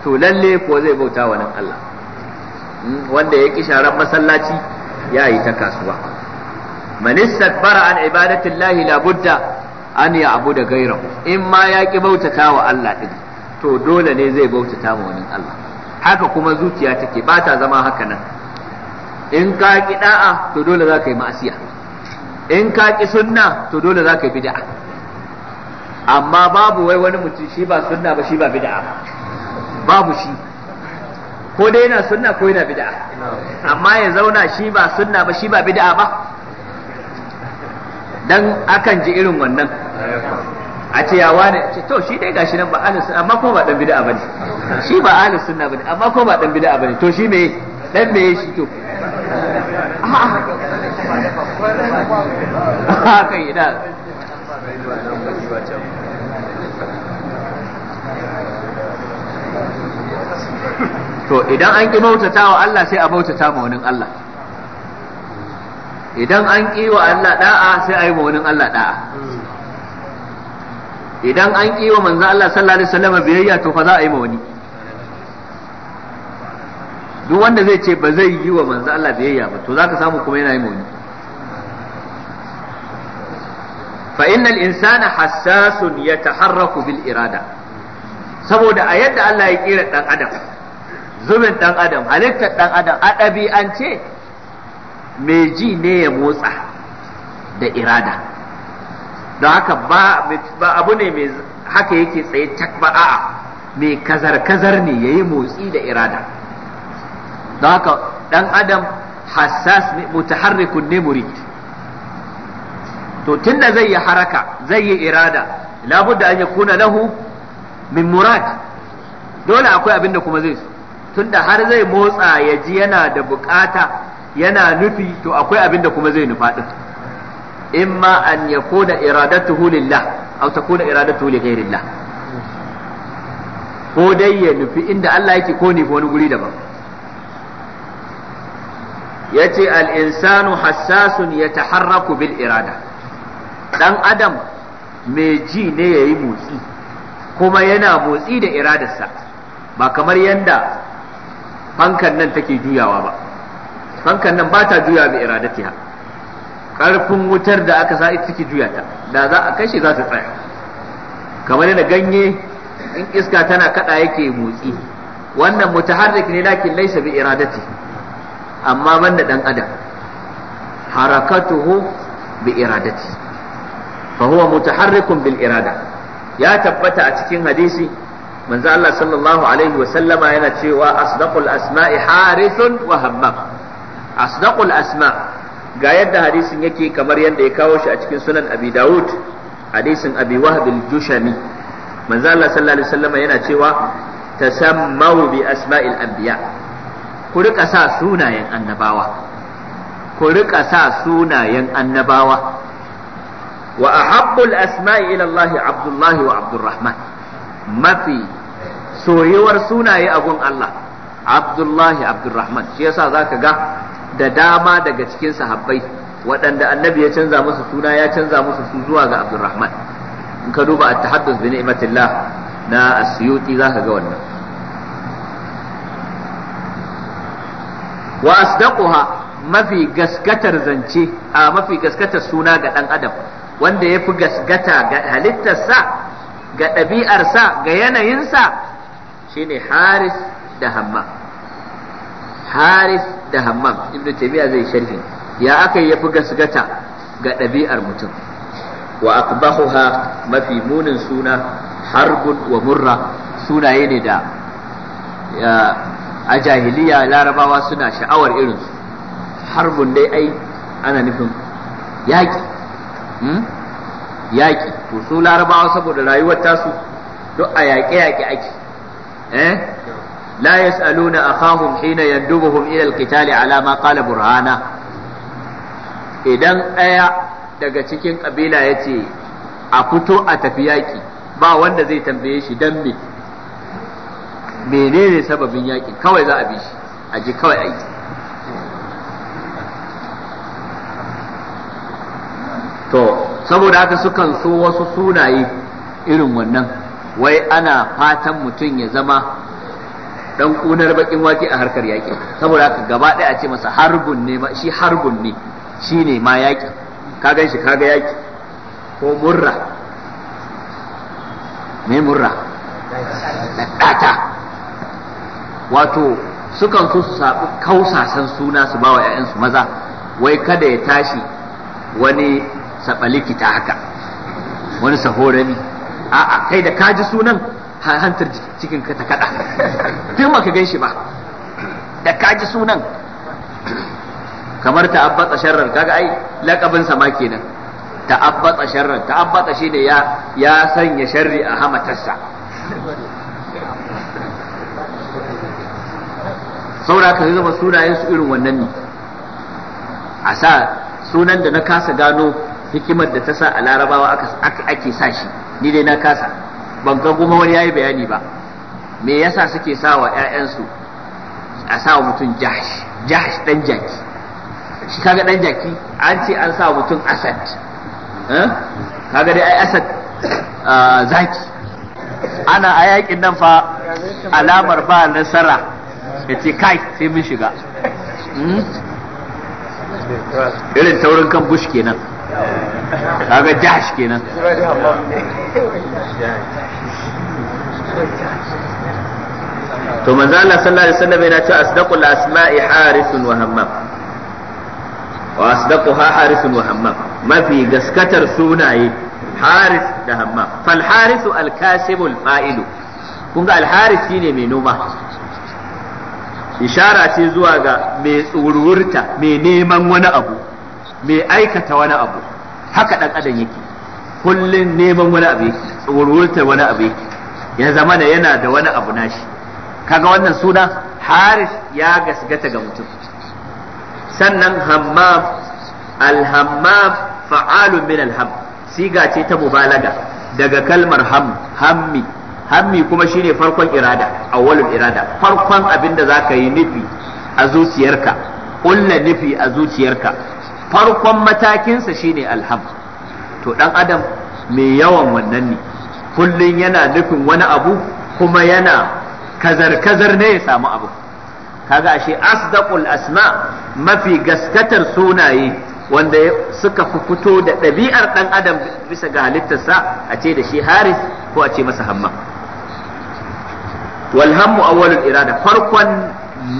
to lalle ko zai bauta wa nan Allah hmm, wanda ya ki sharan masallaci ya yi ta kasuwa man istakbara an ibadati llahi la budda an ya abu da gairahu in ma ya ki bautata wa Allah din to dole ne zai bautata wa wani Allah haka kuma zuciya take ba ta zama haka nan in ka ki da'a to dole za ka yi ma'asiya in ka ki sunna to dole za ka yi bid'a amma babu wai wani mutum shi ba sunna ba shi ba bid'a babu shi ko dai yana sunna ko yana bid'a amma ya zauna shi ba sunna ba shi ba bid'a ba dan akan ji irin wannan a ce yawa ne ce to shi dai gashi nan ba ahlus sunna amma ko ba dan bid'a bane shi ba ahlus sunna bane amma ko ba dan bid'a bane to shi me dan me shi to haka ina to idan an ki bautata wa Allah sai a bautata ma wani Allah idan an ƙi wa Allah da'a sai a yi wa wani Allah da'a idan an ƙi wa manzan Allah sallallahu alaihi wasallam biyayya to fa za a yi ma wani duk wanda zai ce ba zai yi wa manzan Allah biyayya ba to zaka samu kuma yana yi ma wani fa innal insana hassasun yataharraku bil irada saboda a yadda Allah ya kira dan adam zubin dan adam halittar dan adam an ce. mai ji ne ya motsa da irada don haka ba abu ne mai haka yake tsaye tak ba a mai kazar-kazar ne ya yi motsi da irada don haka dan adam hassas ne mutaharrikun ne murid to tunda zai yi haraka zai yi irada labudda an kuna lahu min murad dole akwai abinda kuma zai tunda har zai motsa ya ji yana da bukata yana nufi to akwai abin da kuma zai nufa din imma an yakuna iradatuhu lillah aw takuna iradatuhu li ghayrillah ko dai ya nufi inda Allah yake ko ne wani guri daban yace al insanu hassasun yataharraku bil irada dan adam mai ji ne yayi motsi kuma yana motsi da iradarsa ba kamar yanda fankan nan take juyawa ba fankan nan ba ta juya bi iradatiha karfin wutar da aka sa ita take juya ta da za a kashe za ta tsaya kamar yana ganye in iska tana kada yake motsi wannan mutaharrik ne lakin laysa bi iradati amma banda dan adam harakatuhu bi iradati fa huwa mutaharrikun bil irada ya tabbata a cikin hadisi manzo Allah sallallahu alaihi wa sallama yana cewa asdaqul asma'i harithun wa hammam asdaqul asma ga yadda hadisin yake kamar yadda ya kawo shi a cikin sunan abi dawud hadisin abi wahb al-jushami manzo Allah sallallahu yana cewa tasammau bi asma'il anbiya ku sa sunayen annabawa ku rika sa sunayen annabawa wa ahabbul asma'i ila Allah Abdullah wa Abdurrahman mafi soyewar sunaye a gun Allah Abdullah Abdurrahman shi za ka ga da dama daga cikin sahabbai waɗanda annabi ya canza musu suna ya canza musu su zuwa ga Abdulrahman in ka duba at-tahaddus bi ni'matillah na asyuti zaka ga wannan wa asdaquha mafi gaskatar zance a mafi gaskatar suna ga dan adam wanda ya fi gaskata ga halittarsa ga ɗabi'arsa ga yanayinsa shine haris da hamma haris da hammam ibn taymiya zai sharhi ya aka yafi gasgata ga ɗabi'ar mutum wa aqbahuha mafi munin suna harbun wa murra sunaye ne da a jahiliya larabawa suna sha'awar irinsu harbun dai ai ana nufin yaƙi hmm? yaƙi to su larabawa saboda rayuwar tasu duk a yaƙe-yaƙe ake eh la yas'aluna akhahum hina yandubuhum ila alqitali ala ma qala burhana idan ɗaya daga cikin kabila ya ce a fito a tafi yaƙi ba wanda zai tambaye shi dan me menene sababin yaƙi? kawai za a bi shi a ji kawai a yi to saboda haka sukan so wasu sunaye irin wannan wai ana fatan mutum ya zama dan kunar bakin wake a harkar yaƙi saboda haka gaba ɗaya a ce masa harbun ne shi harbun ne shi ne ma yaƙi ka ganshi ka ga yaƙi ko murra me murra ɗata wato sukan so su saɓi kausasan suna su bawa ‘ya'yansu maza wai kada ya tashi wani likita haka wani sahorami a'a kai da kaji sunan hantar cikin ka ta kada duk ba ka ganshi ba da ka sunan kamar ta'abbatsa sharrar kaga ai lakabin ma kenan ta'abbatsa sharran ta'abbatsa shine ya ya sanya sharri a hamatarsa saura ka zama sunayen su irin wannan ne a sa sunan da na kasa gano hikimar da ta sa a larabawa ake sa shi ni dai na kasa ban ga kuma wani yayi bayani ba me yasa suke sawa ƴaƴansu a sawa mutum jahsh jahsh dan jaki shi kaga dan jaki an ce an sawa mutum asad eh? kaga dai ai asad zaki ana a yakin nan fa alamar ba nasara yace kai sai mun shiga hmm? irin taurin kan bush kenan kaga jash kenan to manzo Allah sallallahu alaihi wasallam yana cewa asdaqul asma'i harisun wa hammam wa asdaquha harisun wa hammam mafi gaskatar sunaye haris da hammam fal harisu al kasibul fa'ilu kun ga al haris shine mai noma ishara ce zuwa ga mai tsururta mai neman wani abu mai aikata wani abu haka dan adam yake kullun neman wani abu yake tsururtar wani abu yake ya zama da yana da wani abu nashi kaga wannan suna haris ya gasgata ga mutum sannan hammam alhammam fa'alun min alham siga ce ta mubalaga daga kalmar ham hammi hammi kuma shine farkon irada awwalul irada farkon abin da zaka yi nufi a zuciyarka ƙulla nufi a zuciyarka farkon matakinsa shine alham to dan adam mai yawan wannan ne kullum yana nufin wani abu kuma yana kazar-kazar ne ya samu abu kaga ashe asdaqul asma mafi gaskatar sunaye wanda suka fi fito da ɗabi'ar ɗan adam bisa ga halittarsa a ce da shi haris ko a ce masa hamma walhammu awwalul irada farkon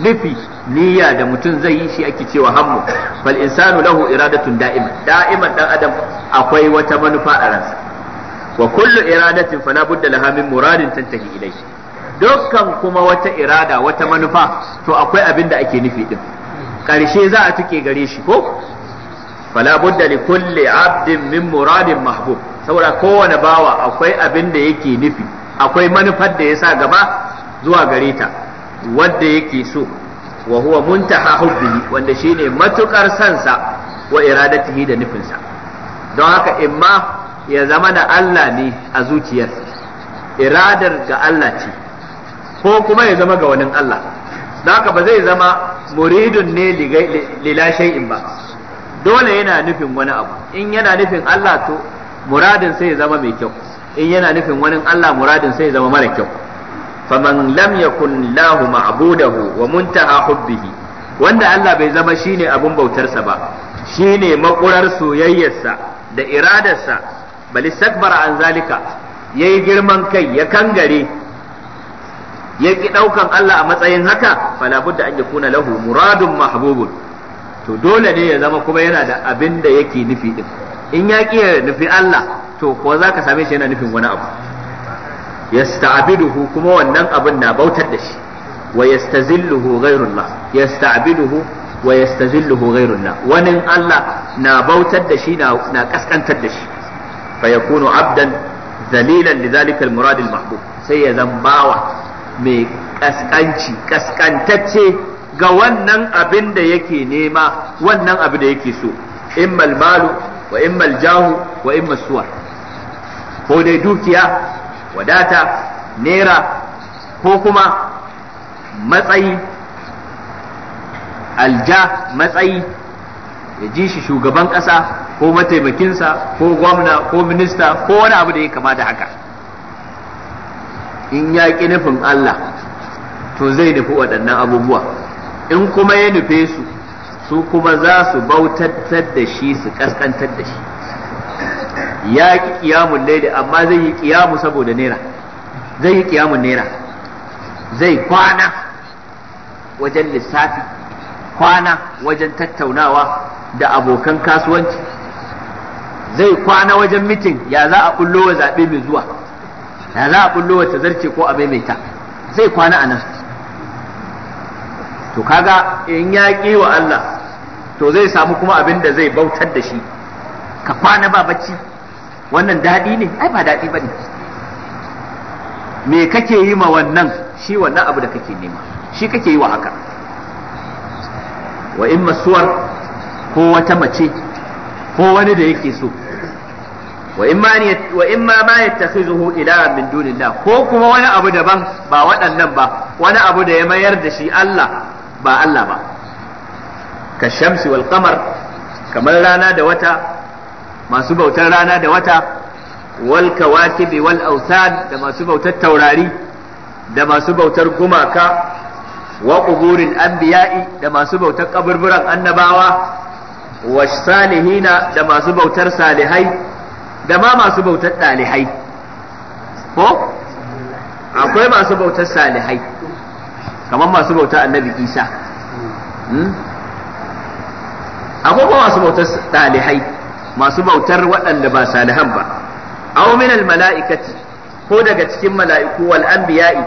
nufi niyya da mutum zai yi shi ake cewa hammu fal insanu lahu iradatun da'ima da'iman dan adam akwai wata manufa a ransa wa kullu iradatin fala budda laha min muradin tantahi ilayhi dukkan kuma wata irada wata manufa to akwai abin da ake nufi din karshe za a tuke gare shi ko fala budda li kulli abdin min muradin mahbub saboda kowane bawa akwai abin da yake nufi akwai manufar da ya sa gaba zuwa gare ta wanda yake so wa huwa muntaha hubbihi wanda shine matukar sansa wa iradatihi da nufinsa don haka imma ya zama da Allah ne a zuciyar iradar ga Allah ce ko kuma ya zama ga wani Allah don haka ba zai zama muridun ne lila shay'in ba dole yana nufin wani abu in yana nufin Allah to muradin sai ya zama mai kyau in yana nufin wani Allah muradin sai ya zama mara kyau faman lam yakun lahu ma'budahu wa muntaha wanda Allah bai zama shine abun bautarsa ba shine makurar soyayyarsa da iradarsa bal istakbara an zalika yayi girman kai ya kangare ya ki daukan Allah a matsayin haka fala budda an yakuna lahu muradun mahbubun to dole ne ya zama kuma yana da abin da yake nufi din in ya ki nufi Allah to ko zaka same shi yana nufin wani abu yasta'biduhu kuma wannan abin na bautar da shi wa yastazilluhu ghayrullah yasta'biduhu wa yastazilluhu ghayrullah wani Allah na bautar da shi na kaskantar da shi fa yakunu abdan zalilan li Muradin, al mahbub sai ya zambawa mai kaskanci kaskantacce ga wannan abin da yake nema wannan abin da yake so immal malu wa immal jahu wa immal suwar ko dai dukiya wadata nera ko kuma matsayi alja matsayi ya ji shi shugaban ƙasa ko mataimakinsa ko gwamna ko minista ko wani abu da ya kama da haka in ya ƙi nufin Allah to zai nufi waɗannan abubuwa in kuma ya nufe su su kuma za su bautattar da shi su ƙasƙantar da shi ya ki kiyamun laili amma zai yi kiyamu saboda naira zai yi kiyamun naira zai kwana wajen lissafi kwana wajen tattaunawa da abokan kasuwanci zai kwana wajen mitin ya za a kullo wa zaɓe mai zuwa ya za a kullo wa tazarce ko a maimaita zai kwana a nan to kaga in ya ƙi wa Allah to zai samu kuma abin da zai bautar da shi ka kwana ba bacci wannan daɗi ne ai ba daɗi ba ne. me kake yi ma wannan shi wannan abu da kake nema shi kake yi wa haka wa in masuwar ko wata mace ko wani da yake so wa in ma ma yattakhizuhu ilahan min dunillah ko kuma wani abu daban ba waɗannan ba wani abu da ya mayar da shi Allah ba Allah ba ka shamsi wal qamar kamar rana da wata masu bautar rana da wata wal kawakibi wal awsad da masu bautar taurari da masu bautar gumaka wa quburil anbiya'i da masu bautar kaburburan annabawa wa salihina da masu bautar salihai da ma masu bautar dalihai ko akwai masu bautar salihai kamar masu bautar annabi isa hmm? akwai masu bautar dalihai masu bautar waɗanda ba salihan ba aw min al mala'ikati ko daga cikin mala'iku wal anbiya'i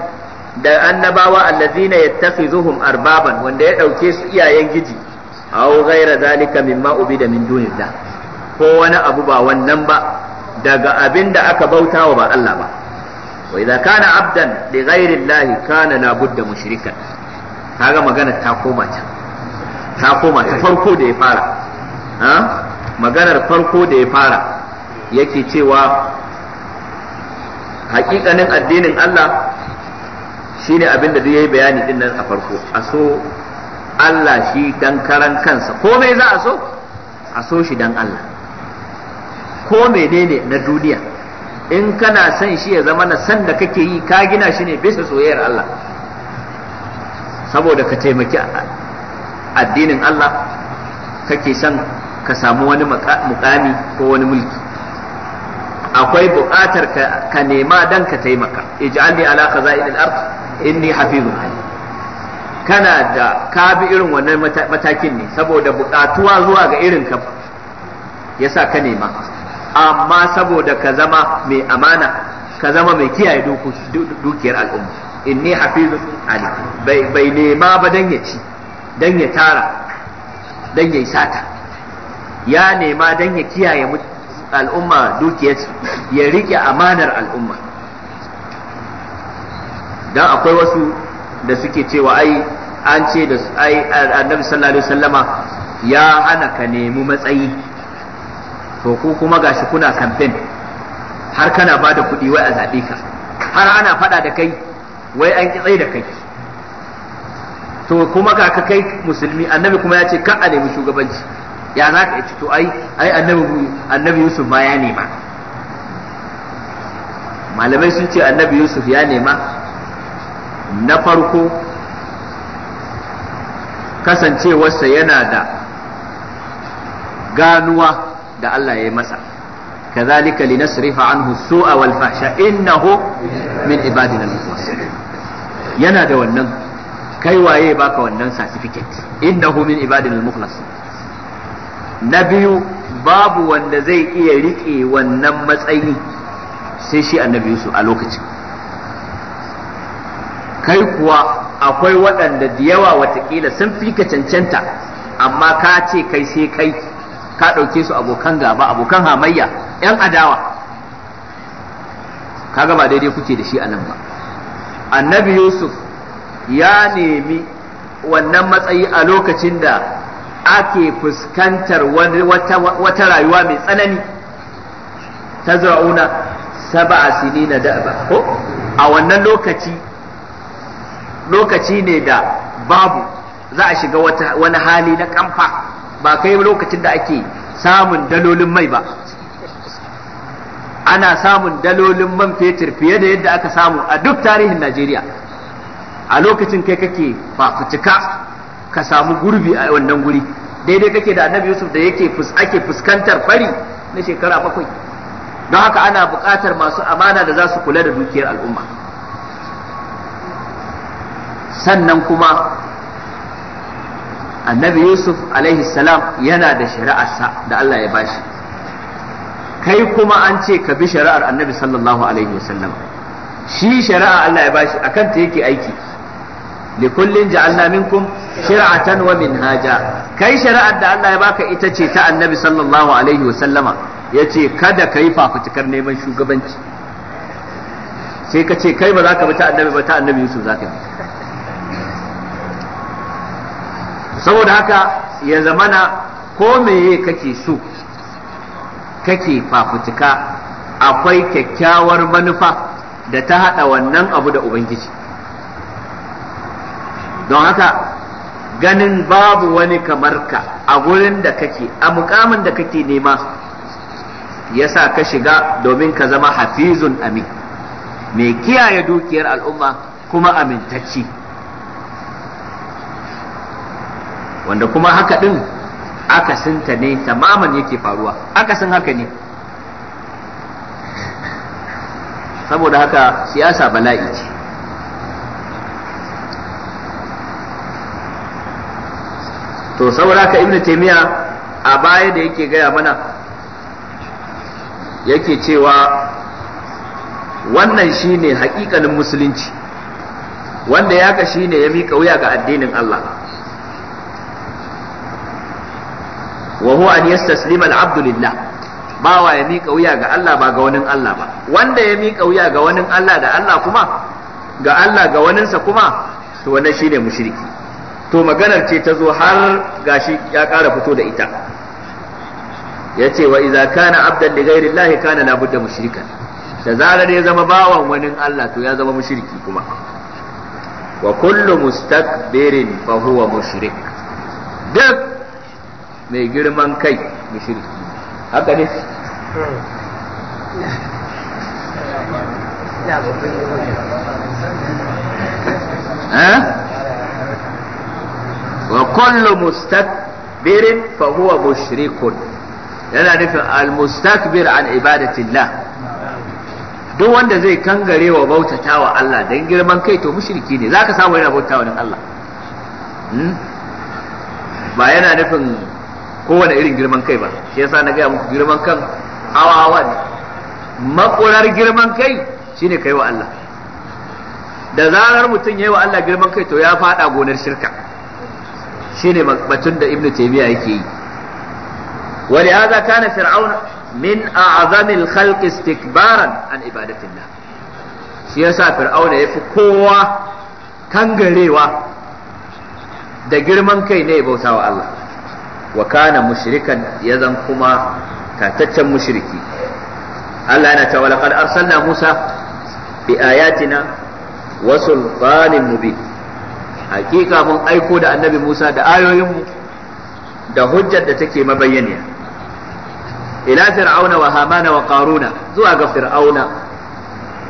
da annabawa allazina yattakhizuhum arbaban wanda ya dauke su iyayen giji aw ghaira zalika mimma ubida min dunillah ko wani abu ba wannan ba daga abin da aka bauta wa ba Allah ba wa idza kana abdan li ghairi Allah kana labudda mushrikan kaga magana ta koma ta ta koma ta farko da ya fara ha maganar farko da ya fara yake cewa hakikanin addinin Allah shi abin da zai yi bayani din nan a farko a so Allah shi dan karan kansa me za a so a so shi dan Allah ko menene na duniya in kana son shi ya zama na san da kake yi ka gina shi ne bisa soyayyar Allah saboda ka taimaki addinin Allah kake son ka samu wani mukami ko wani mulki akwai buƙatar ka nema dan ka taimaka ij'alni ala khaza'in al-ard inni hafizun kana da ka bi irin wannan matakin ne saboda buƙatuwa zuwa ga irin ka yasa ka nema amma saboda ka zama mai amana ka zama mai kiyaye dukiyar al'umma inni hafizun ali bai nema ba dan ya ci dan ya tara dan ya yi sata ya nema dan ya kiyaye al'umma dukiyarsu ya rike amanar al'umma Don akwai wasu da suke cewa ai an ce da ai annabi sallallahu alaihi wasallama ya hana ka nemi matsayi to ku kuma gashi kuna campaign har kana ba da kuɗi wai a zaɓe ka har ana faɗa da kai wai an ki da kai to kuma ga ka kai musulmi annabi kuma ya ce kan a nemi shugabanci ya za ka ci to ai ai annabi annabi yusuf ma ya nema malamai sun ce annabi yusuf ya nema na farko kasancewarsa yana da ganuwa da Allah ya yi masa kazalika لنصرف anhu السوء والفحشاء إنه من عبادنا المخلصين yana da wannan kai waye baka wannan certificate innahu min ibadil muklas na biyu babu wanda zai iya riƙe wannan matsayi sai shi annabi Yusuf a lokacin kai kuwa akwai waɗanda da yawa watakila sun fi ka cancanta amma ka ce kai sai kai ka ɗauke su abokan gaba abokan hamayya 'yan adawa Ka gaba daidai kuke da shi a nan ba annabi yusuf ya nemi wannan matsayi a lokacin da ake fuskantar wata rayuwa mai tsanani ta za'una saba sini na da'aba ko a wannan lokaci lokaci ne da babu za a shiga wani hali na kamfa ba kai lokacin da ake samun dalolin mai ba ana samun dalolin man fetur fiye da yadda aka samu a duk tarihin najeriya a lokacin kai kake fafutuka ka samu gurbi a wannan guri daidai kake da annabi yusuf da yake ake fuskantar fari na shekara bakwai don haka ana buƙatar masu amana da za su kula da dukiyar al'umma sannan kuma annabi yusuf alaihi salam yana da shari'arsa da allah ya bashi kai kuma an ce ka bi shari'ar annabi sallallahu alaihi wasallam shi shari'a allah ya bashi akan ta yake aiki likullin جعلنا منكم shir'atan wa كي kai shari'ar da Allah ya baka ita ce ta annabi sallallahu alaihi wa sallama yace kada kai fafutukar neman shugabanci sai ka ce kai ba za ka bi ba saboda haka ya zamana ko meye kake so kake fafutuka akwai kyakkyawar manufa da ta haɗa wannan abu da ubangiji don haka ganin babu wani kamar ka a gurin da kake a mukamin da kake nema ya sa ka shiga domin ka zama hafizun amin mai kiyaye dukiyar al'umma kuma amintacci wanda kuma haka din akasinta ne tamaman yake faruwa akasin haka ne saboda haka siyasa bala'i ce to saboda ka ibnu taymiya a baya da yake gaya mana yake cewa wannan shine haƙiƙanin musulunci wanda ya ga shine ya miƙa wuya ga addinin Allah wa huwa an yastaslima al abd lillah bawa ya miƙa wuya ga Allah ba ga wani Allah ba wanda ya miƙa wuya ga wani Allah da Allah kuma ga Allah ga waninsa kuma to wannan shine mushriki to maganar ce ta zo har gashi ya ƙara fito da ita ya ce wa iza kana abdan li ghairi kana la mushrikan da zarar ya zama bawan wani Allah to ya zama mushriki kuma wa kullu mustakbirin fa huwa mushrik duk mai girman kai mushriki haka ne hmm. eh? wa kullu mustakbirin fa huwa mushrikun yana nufin al mustakbir an ibadatillah duk wanda zai kangare wa bautata wa Allah don girman kai to mushriki ne za ka samu yana bautawa nan Allah hmm? ba yana nufin kowane irin girman kai ba shi yasa na gaya muku girman kan hawa hawa ne makurar girman kai shine kai wa Allah da zarar mutum yayi wa Allah girman kai to ya fada gonar shirka shine batun da ibnu taymiya yake yi wa lihaza kana fir'aun min a'zamil khalq istikbaran an ibadatillah shi firauna ya fi kowa kangarewa da girman kai ne bautawa Allah wa kana mushrikan yazan kuma tataccen mushriki Allah yana cewa laqad arsalna Musa bi ayatina wa sultanin mubin hakika mun aiko da annabi Musa da ayoyinmu da hujjar da take mabayyaniya ila fir'auna wa hamana wa qaruna zuwa ga fir'auna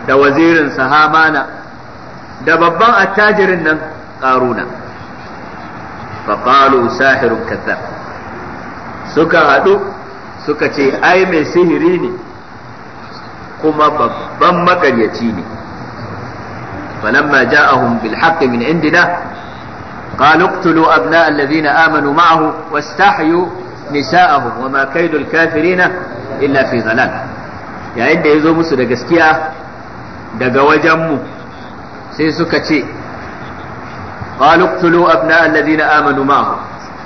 da wazirin sa hamana da babban attajirin nan qaruna fa qalu sahirun kadhab suka hadu suka ce ai mai sihiri ne kuma babban makaryaci ne فلما جاءهم بالحق من عندنا قالوا اقتلوا أبناء الذين آمنوا معه واستحيوا نساءهم وما كيد الكافرين إلا في ضلال يعني عند يزو مسو daga gaskiya daga wajenmu sai suka ce qalu qtulu abna alladhina amanu ma'ahu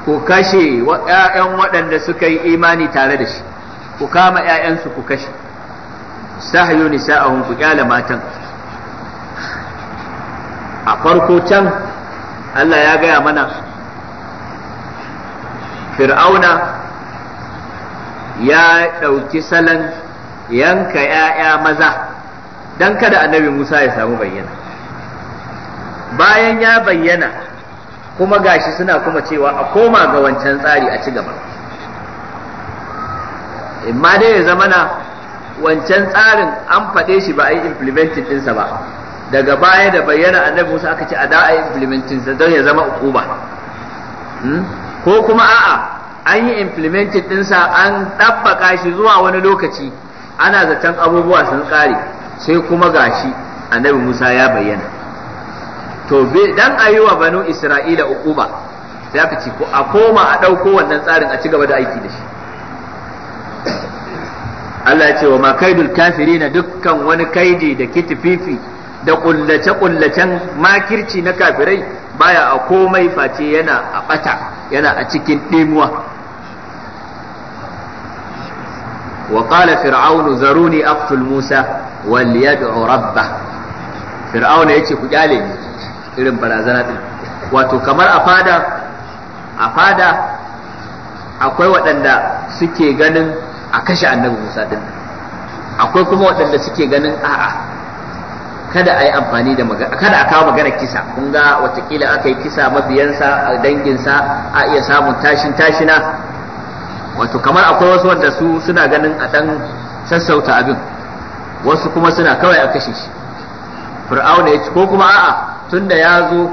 ku kashe 'ya'yan waɗanda suka yi imani tare da shi ku kama 'ya'yansu ku kashe sahyu nisa'ahum ku kyale matan a farko can Allah ya gaya mana fir'auna ya ɗauki salon yanka ‘ya'ya maza don kada annabi Musa ya samu bayyana bayan ya bayyana kuma gashi suna kuma cewa a koma ga wancan tsari a ci gaba amma dai ya zamana wancan tsarin an faɗe shi ba a yi implementing ɗinsa ba daga baya da bayyana annabi Musa aka ce a da a implementing sa don ya zama ukuba hmm? ko kuma a'a an yi implementing ɗinsa an ɗabbaka shi zuwa wani lokaci ana zaton abubuwa sun kare sai kuma gashi annabi Musa ya bayyana to dan a yi wa banu Isra'ila ukuba sai aka ce a koma a ɗauko wannan tsarin a ci gaba da aiki da shi Allah ya ce wa makaidul kafiri na dukkan wani kaidi da kitififi da kullace-kullacen makirci na kafirai baya a komai face yana a bata yana a cikin ɗimuwa wa qala fir'aunu zaruni aqtul musa wal yad'u rabba fir'auna yace ku kyale ni irin barazana din wato kamar a fada a fada akwai waɗanda suke ganin a kashe annabi musa din akwai kuma waɗanda suke ganin a'a kada a yi amfani da magana kada a kawo magana kisa kun ga watakila aka yi kisa mabiyansa a danginsa a iya samun tashin tashina wato kamar akwai wasu wanda su suna ganin a dan sassauta abin wasu kuma suna kawai a kashe shi fir'auna ya ci ko kuma a'a tunda ya zo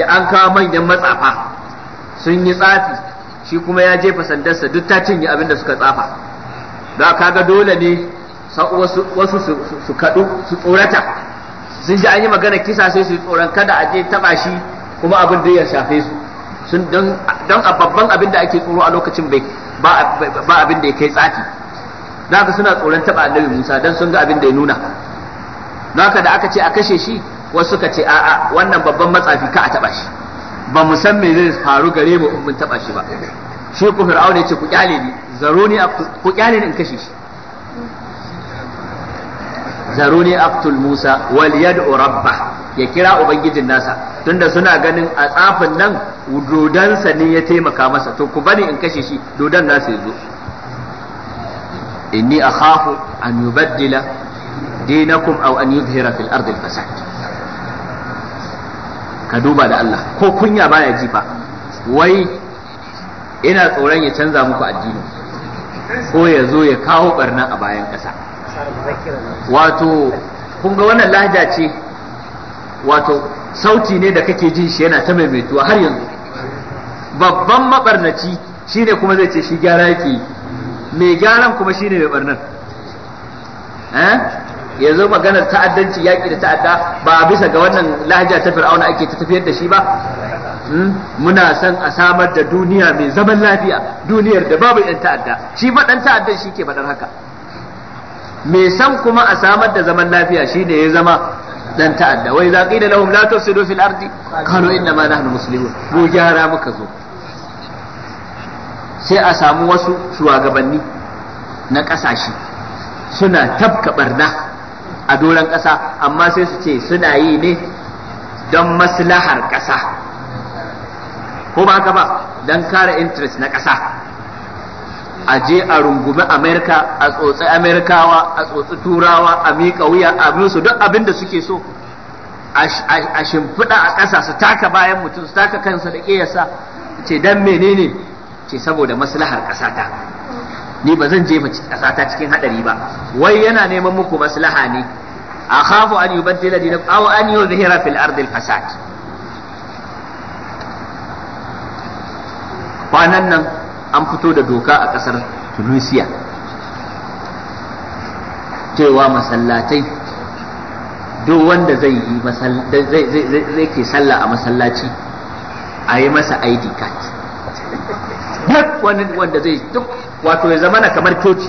ya an kawo manyan matsafa sun yi tsafi shi kuma ya jefa sandarsa duk ta cinye abin da suka tsafa da kaga dole ne wasu su kaɗu su tsorata sun ji an yi magana kisa sai su tsoron kada a je taɓa shi kuma abin da ya shafe su sun don a babban abin da ake tsoro a lokacin bai ba abin da ya kai tsaki zaka suna tsoron taɓa annabi Musa don sun ga abin da ya nuna haka da aka ce a kashe shi wasu ka ce a'a wannan babban matsafi ka a taɓa shi ba mu san me zai faru gare mu in mun taɓa shi ba shi ku fir'auna ya ce ku kyale ni zaro ni ku kyale ni in kashe shi zaruni aqtul Musa wal yad'u rabbah ya kira ubangijin nasa tunda suna ganin a tsafin nan dodansa ne ya taimaka masa to ku bani in kashe shi dodan nasa yazo inni akhafu an yubaddila dinakum aw an yuzhira fil ardi al fasad ka duba da Allah ko kunya baya jifa wai ina tsoron ya canza muku addini ko ya zo ya kawo barna a bayan ƙasa wato kun ga wannan lahja ce wato sauti ne da kake jin shi yana ta maimaituwa har yanzu babban mabarnaci shine kuma zai ce shi gyara yake mai gyaran kuma shine mai barnar Ya eh? yanzu maganar ta'addanci yaƙi da ta'adda ba a bisa ga wannan lahja ta fir'auna ake ta tafiyar da shi ba hmm? muna son a samar da duniya mai zaman lafiya duniyar da babu ɗan ta'adda shi ba ta'addan shi ke faɗar haka mai san kuma a samar da zaman lafiya shine ya zama dan ta'adda wai za qila lahum la tusidu fil ardi qalu inna ma nahnu muslimun mu gyara muka zo sai a samu wasu shugabanni na kasashe suna tabka barna a doron kasa amma sai su ce suna yi ne don maslahar kasa ko ba haka ba don kare interest na kasa a je a rungumi amerika a tsotsi amerikawa a tsotsi turawa a miƙa wuya a musu duk abin da suke so a shimfiɗa a ƙasa su taka bayan mutum su taka kansa da ƙiyasa ce dan menene ce saboda maslahar ƙasata ni ba zan jefa ƙasata cikin haɗari ba wai yana neman muku maslaha ne a khafu an yubaddila dinakum aw an yuzhira fil ardi al fasad kwanan nan an fito da doka a ƙasar tunisia cewa masallatai duk wanda zai yi zai ke sallah a masallaci a yi masa id card duk wanda zai duk wato ya zamana kamar coci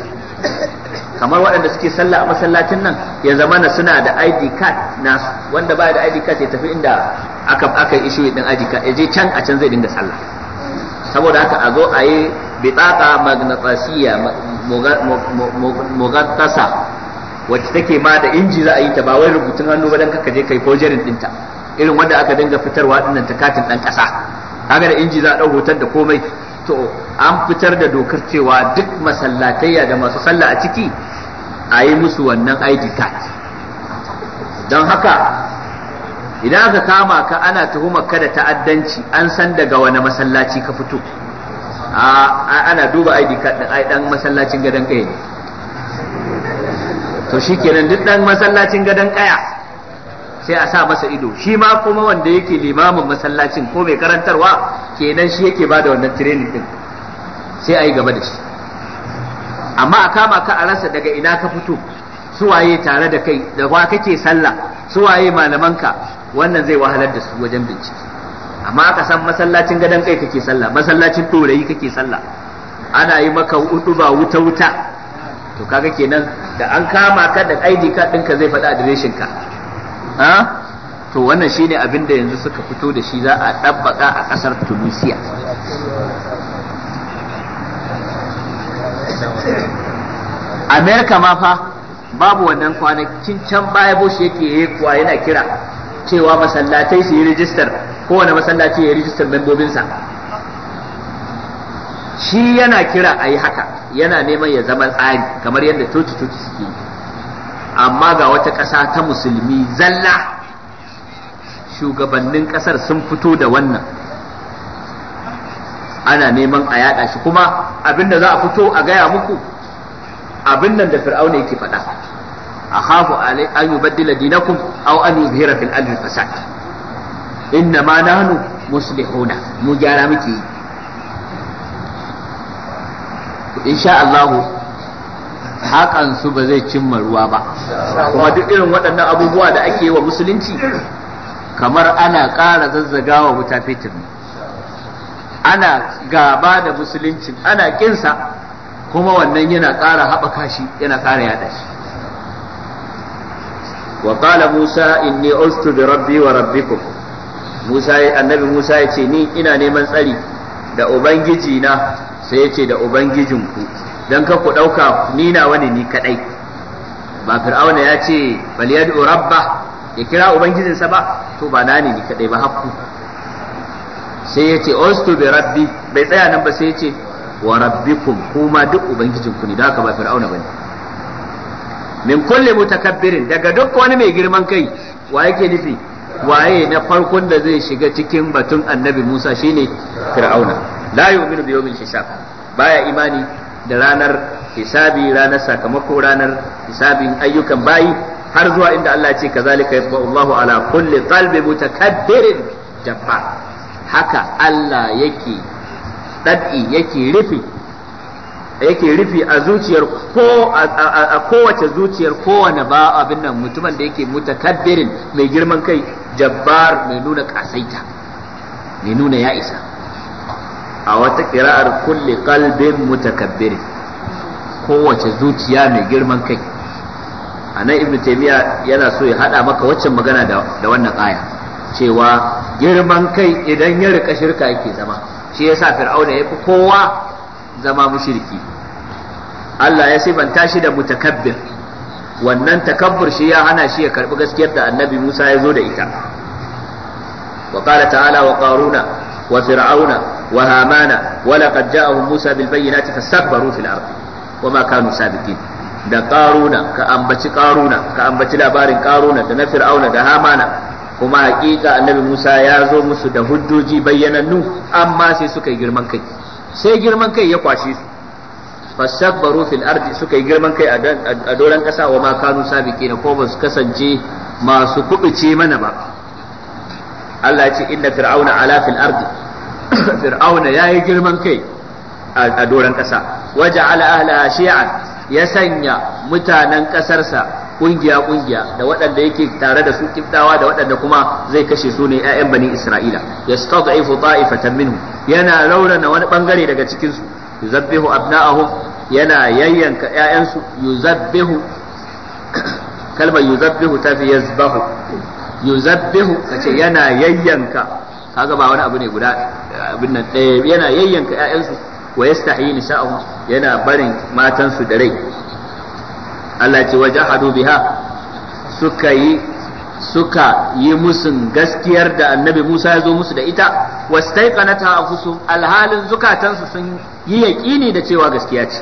kamar waɗanda suke sallah a masallacin nan ya zamana suna da id card nasu wanda ba da id card ya tafi inda aka aka ishe din id card ya je can a can zai dinga sallah saboda haka a zo a yi bitaka magnatasiya mugattasa wacce take ma da inji za a yi ta ba wai rubutun hannu ba dan kaka je kai jerin dinta irin wanda aka dinga fitarwa dinnan ta katin dan kasa kaga da inji za a dau hotar da komai to an fitar da dokar cewa duk masallatayya da masu sallah a ciki a yi musu wannan ID card don haka idan aka kama ka ana tuhumar ka da ta'addanci an san daga wani masallaci ka fito ana duba ID card din ai dan masallacin gadan kaya ne to shikenan duk dan masallacin gadan kaya sai a sa masa ido shi ma kuma wanda yake limamin masallacin ko mai karantarwa kenan shi yake bada wannan training din sai a gaba da shi amma a kama ka a rasa daga ina ka fito suwaye tare da kai da wa kake sallah suwaye malamanka wannan zai wahalar da su wajen bincike amma aka san masallacin gadon kai kake sallah masallacin ɗorayi kake sallah ana yi maka hudu ba wuta wuta to kaga kenan da an kama ka da ID card ɗinka zai faɗi adireshin ka ha to wannan shine abin da yanzu suka fito da shi za a ɗabbaka a kasar Tunisia Amerika ma fa babu wannan kwanakin can baya bush yake yi kuwa yana kira cewa masallatai su yi rijistar kowane masallaci ya yi rijistar membobinsa shi yana kira a yi haka yana neman ya zama tsari kamar yadda coci-coci suke amma ga wata ƙasa ta musulmi zalla shugabannin ƙasar sun fito da wannan ana neman a yaɗa shi kuma abinda za a fito a gaya muku abin nan da fir'auna yake faɗa akhafu an yubaddila dinakum aw an yuzhira fil ardi fasad inna ma nahnu muslihuna mu gyara muke insha Allah hakan su ba zai cimma ruwa ba kuma duk irin waɗannan abubuwa da ake yi wa musulunci kamar ana ƙara zazzagawa wuta fetur ana gaba da musuluncin ana ƙinsa, kuma wannan yana ƙara haɓaka shi yana ƙara yaɗa shi Musa in ne وقال موسى إني عشت بربي وربكم Annabi Musa ya ce ni ina neman tsari. da ubangiji na? sai ya ce da ubangijinku dan ka ku dauka ni na wani ni kadai ba fir'auna ya ce bal yad'u rabba ya kira ubangijinsa ba to ba na ne ni kadai ba hakku sai ya yace ustu bi rabbi bai tsaya nan ba sai ya ce wa rabbikum kuma duk ubangijinku ne da haka ba fir'auna ba ne. min kulli mutakabbirin daga duk wani mai girman kai wa yake nufi waye na farkon da zai shiga cikin batun annabi Musa shine Fir'auna la yu'minu bi yawmil hisab baya imani da ranar hisabi ranar sakamako ranar hisabin ayyukan bayi har zuwa inda Allah ya ce kazalika yatba'u Allahu ala kulli qalbi mutakabbirin jabbar haka Allah yake dad'i yake rufi yake rufi a zuciyar ko a kowace zuciyar kowane ba abin nan mutumin da yake mutakabbirin mai girman kai jabbar mai nuna kasaita mai nuna ya isa a wata kira'ar kulle kalbin mutakabbirin kowace zuciya mai girman kai a nan ibn taymiya yana so ya hada maka waccan magana da wannan aya cewa girman kai idan ya rika shirka yake zama shi yasa fir'auna ya fi kowa zama mushriki Allah ya sifanta shi da mutakabbir wannan takabbur shi ya hana shi ya karbi gaskiyar da annabi Musa ya zo da ita wa qala ta'ala wa qaruna wa fir'auna wa hamana wa laqad ja'ahum Musa bil bayyinati fastakbaru fil ardi wa ma kanu sabiqin da qaruna ka ambaci karuna ka ambaci labarin qaruna da na fir'auna da hamana kuma hakika annabi Musa ya zo musu da hujjoji bayyanannu amma sai suka yi girman kai sai girman kai ya kwashe su fastakbaru fil ardi suka yi girman kai a doran kasa wa ma kanu na ko ba su kasance masu kubuce mana ba Allah ya ce inna fir'auna ala fil ardi fir'auna yayi girman kai a doran kasa ala ahla shi'an ya sanya mutanen ƙasarsa. kungiya kungiya da waɗanda yake tare da su kiftawa da waɗanda kuma zai kashe su ne ƴaƴan bani isra'ila yastad'ifu ta'ifatan minhu yana raurana wani bangare daga cikin su yuzabbihu abna'ahum yana yayyanka ƴaƴan su yuzabbihu kalmar yuzabbihu ta fi yazbahu yuzabbihu kace yana yayyanka kaga ba wani abu ne guda abin nan ɗaya yana yayyanka ƴaƴan su wa yastahi nisa'ahum yana barin matan su da rai Allah ce waje biha suka yi suka yi musun gaskiyar da annabi Musa ya zo musu da ita wastaiqanata su alhalin zukatansu sun yi yaƙini da cewa gaskiya ce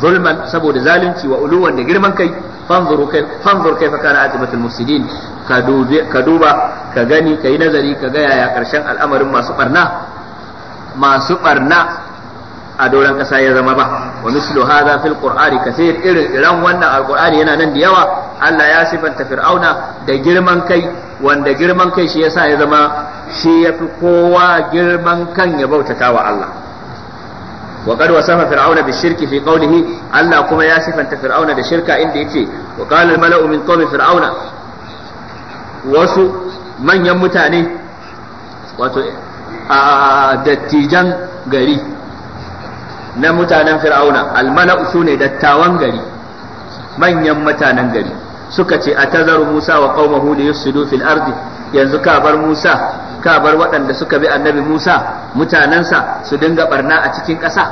zulman saboda zalunci wa uluwan da girman kai fanzuru kai fanzur kai fakana atibatul ka ka duba ka gani kai nazari ka ga yaya karshen al'amarin masu ɓarna. masu barna a doron kasa ya zama ba wa mislu hadha fil qur'ani kaseer irin iran wannan alqur'ani yana nan da yawa Allah ya sifanta fir'auna da girman kai wanda girman kai shi yasa ya zama shi yafi kowa girman kan ya bautata wa Allah wa wasafa fir'auna bi shirki fi Allah kuma ya sifanta fir'auna da shirka inda yace wa qala al mala'u min qawmi fir'auna wasu manyan mutane a dattijan gari na mutanen fir'auna su sune dattawan gari manyan mutanen gari suka ce a tazaru Musa wa qaumahu li yufsidu fil ardi yanzu ka bar Musa ka bar waɗanda suka bi annabi Musa mutanensa su dinga barna a cikin ƙasa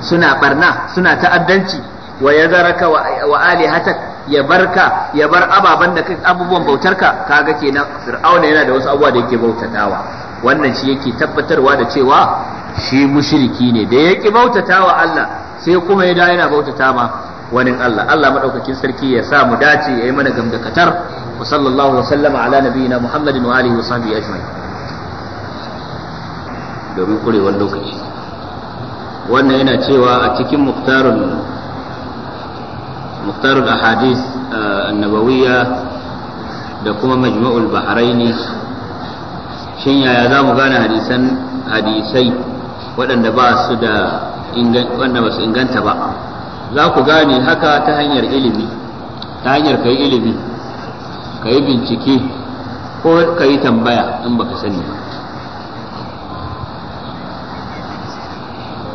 suna barna suna ta'addanci wa ya zaraka wa alihatak ya ka ya bar ababan da kai abubuwan bautarka kaga kenan fir'auna yana da wasu abubuwa da yake bautatawa wannan shi yake tabbatarwa da cewa shi mushriki ne da yake bautatawa Allah sai kuma ya da yana bautata ma wani Allah Allah madaukakin sarki ya sa mu dace yayi mana gamdakatar wa sallallahu wa sallama ala nabiyina Muhammadin wa alihi wa sahbihi ajma'in domin kurewar lokaci wannan yana cewa a cikin muktarun. مختار الأحاديث annabawiya, da kuma majmu'ul bahraini shin yaya za mu gane hadisan hadisai waɗanda ba su da inganta ba za ku gane haka ta hanyar ilimi ta hanyar kai ilimi ka yi bincike ko ka tambaya in baka sani ba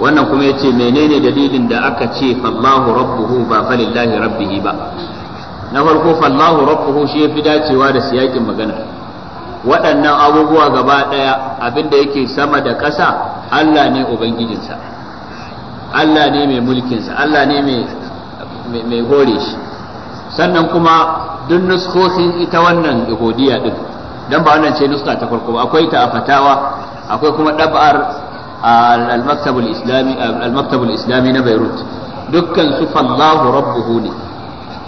wannan kuma ya ce menene dalilin da aka ce fallahu rabbuhu ba falillahi rabbihi ba na farko fallahu rabbuhu shi yafi dacewa da siyakin magana waɗannan abubuwa gaba ɗaya abinda yake sama da ƙasa Allah ne ubangijinsa Allah ne mai mulkinsa Allah ne mai hore shi sannan kuma duk nuskosin ita wannan godiya din dan ba wannan ce nuska ta farko akwai ta a fatawa akwai kuma ɗab'ar A maktabul islami al-maktabul islami na Beirut dukkan su fallahu rabbuhu ne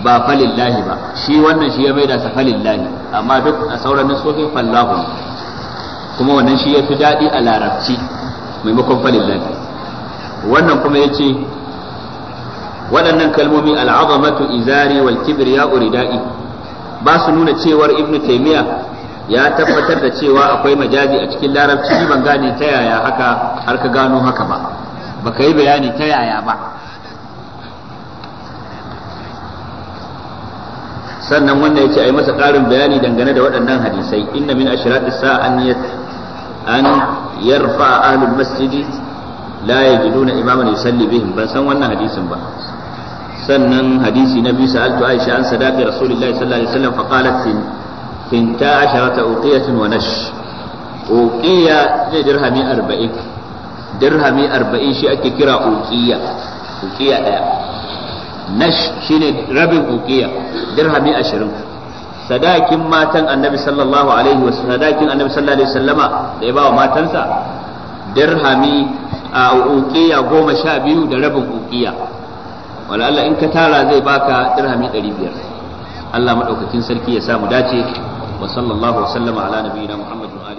ba falillahi ba shi wannan shi ya da sa falillahi amma duk a sauran nasosin fallahu kuma wannan shi ya fi daɗi a larabci maimakon falillahi wannan kuma ya ce waɗannan kalmomi al'azamatu izari wal kibriya uridai ba su nuna cewar ibnu taymiya ya tabbatar da cewa akwai majazi a cikin larabci ban gane ta yaya haka har ka gano haka ba baka yi bayani ta yaya ba sannan wanda yake a yi masa ƙarin bayani dangane da waɗannan hadisai inna min ashrati sa'a an an yarfa ahlul masjidi la yajiduna imaman yusalli bihim ban san wannan hadisin ba sannan hadisi na biyu sa'altu aisha an sadaqa rasulullahi sallallahu alaihi wasallam faqalat finta asharata uqiyatin wa nash uqiya zai dirhami 40 dirhami 40 shi ake kira uqiya uqiya daya nash shine rabin dirhami sadakin matan annabi sallallahu alaihi wasallam sadakin annabi sallallahu alaihi sallama da ya bawa matansa dirhami a uqiya goma sha biyu da rabin uqiya wala Allah in ka tara zai baka dirhami biyar Allah maɗaukacin sarki ya samu dace wa sallallahu wa sallama ala nabiyina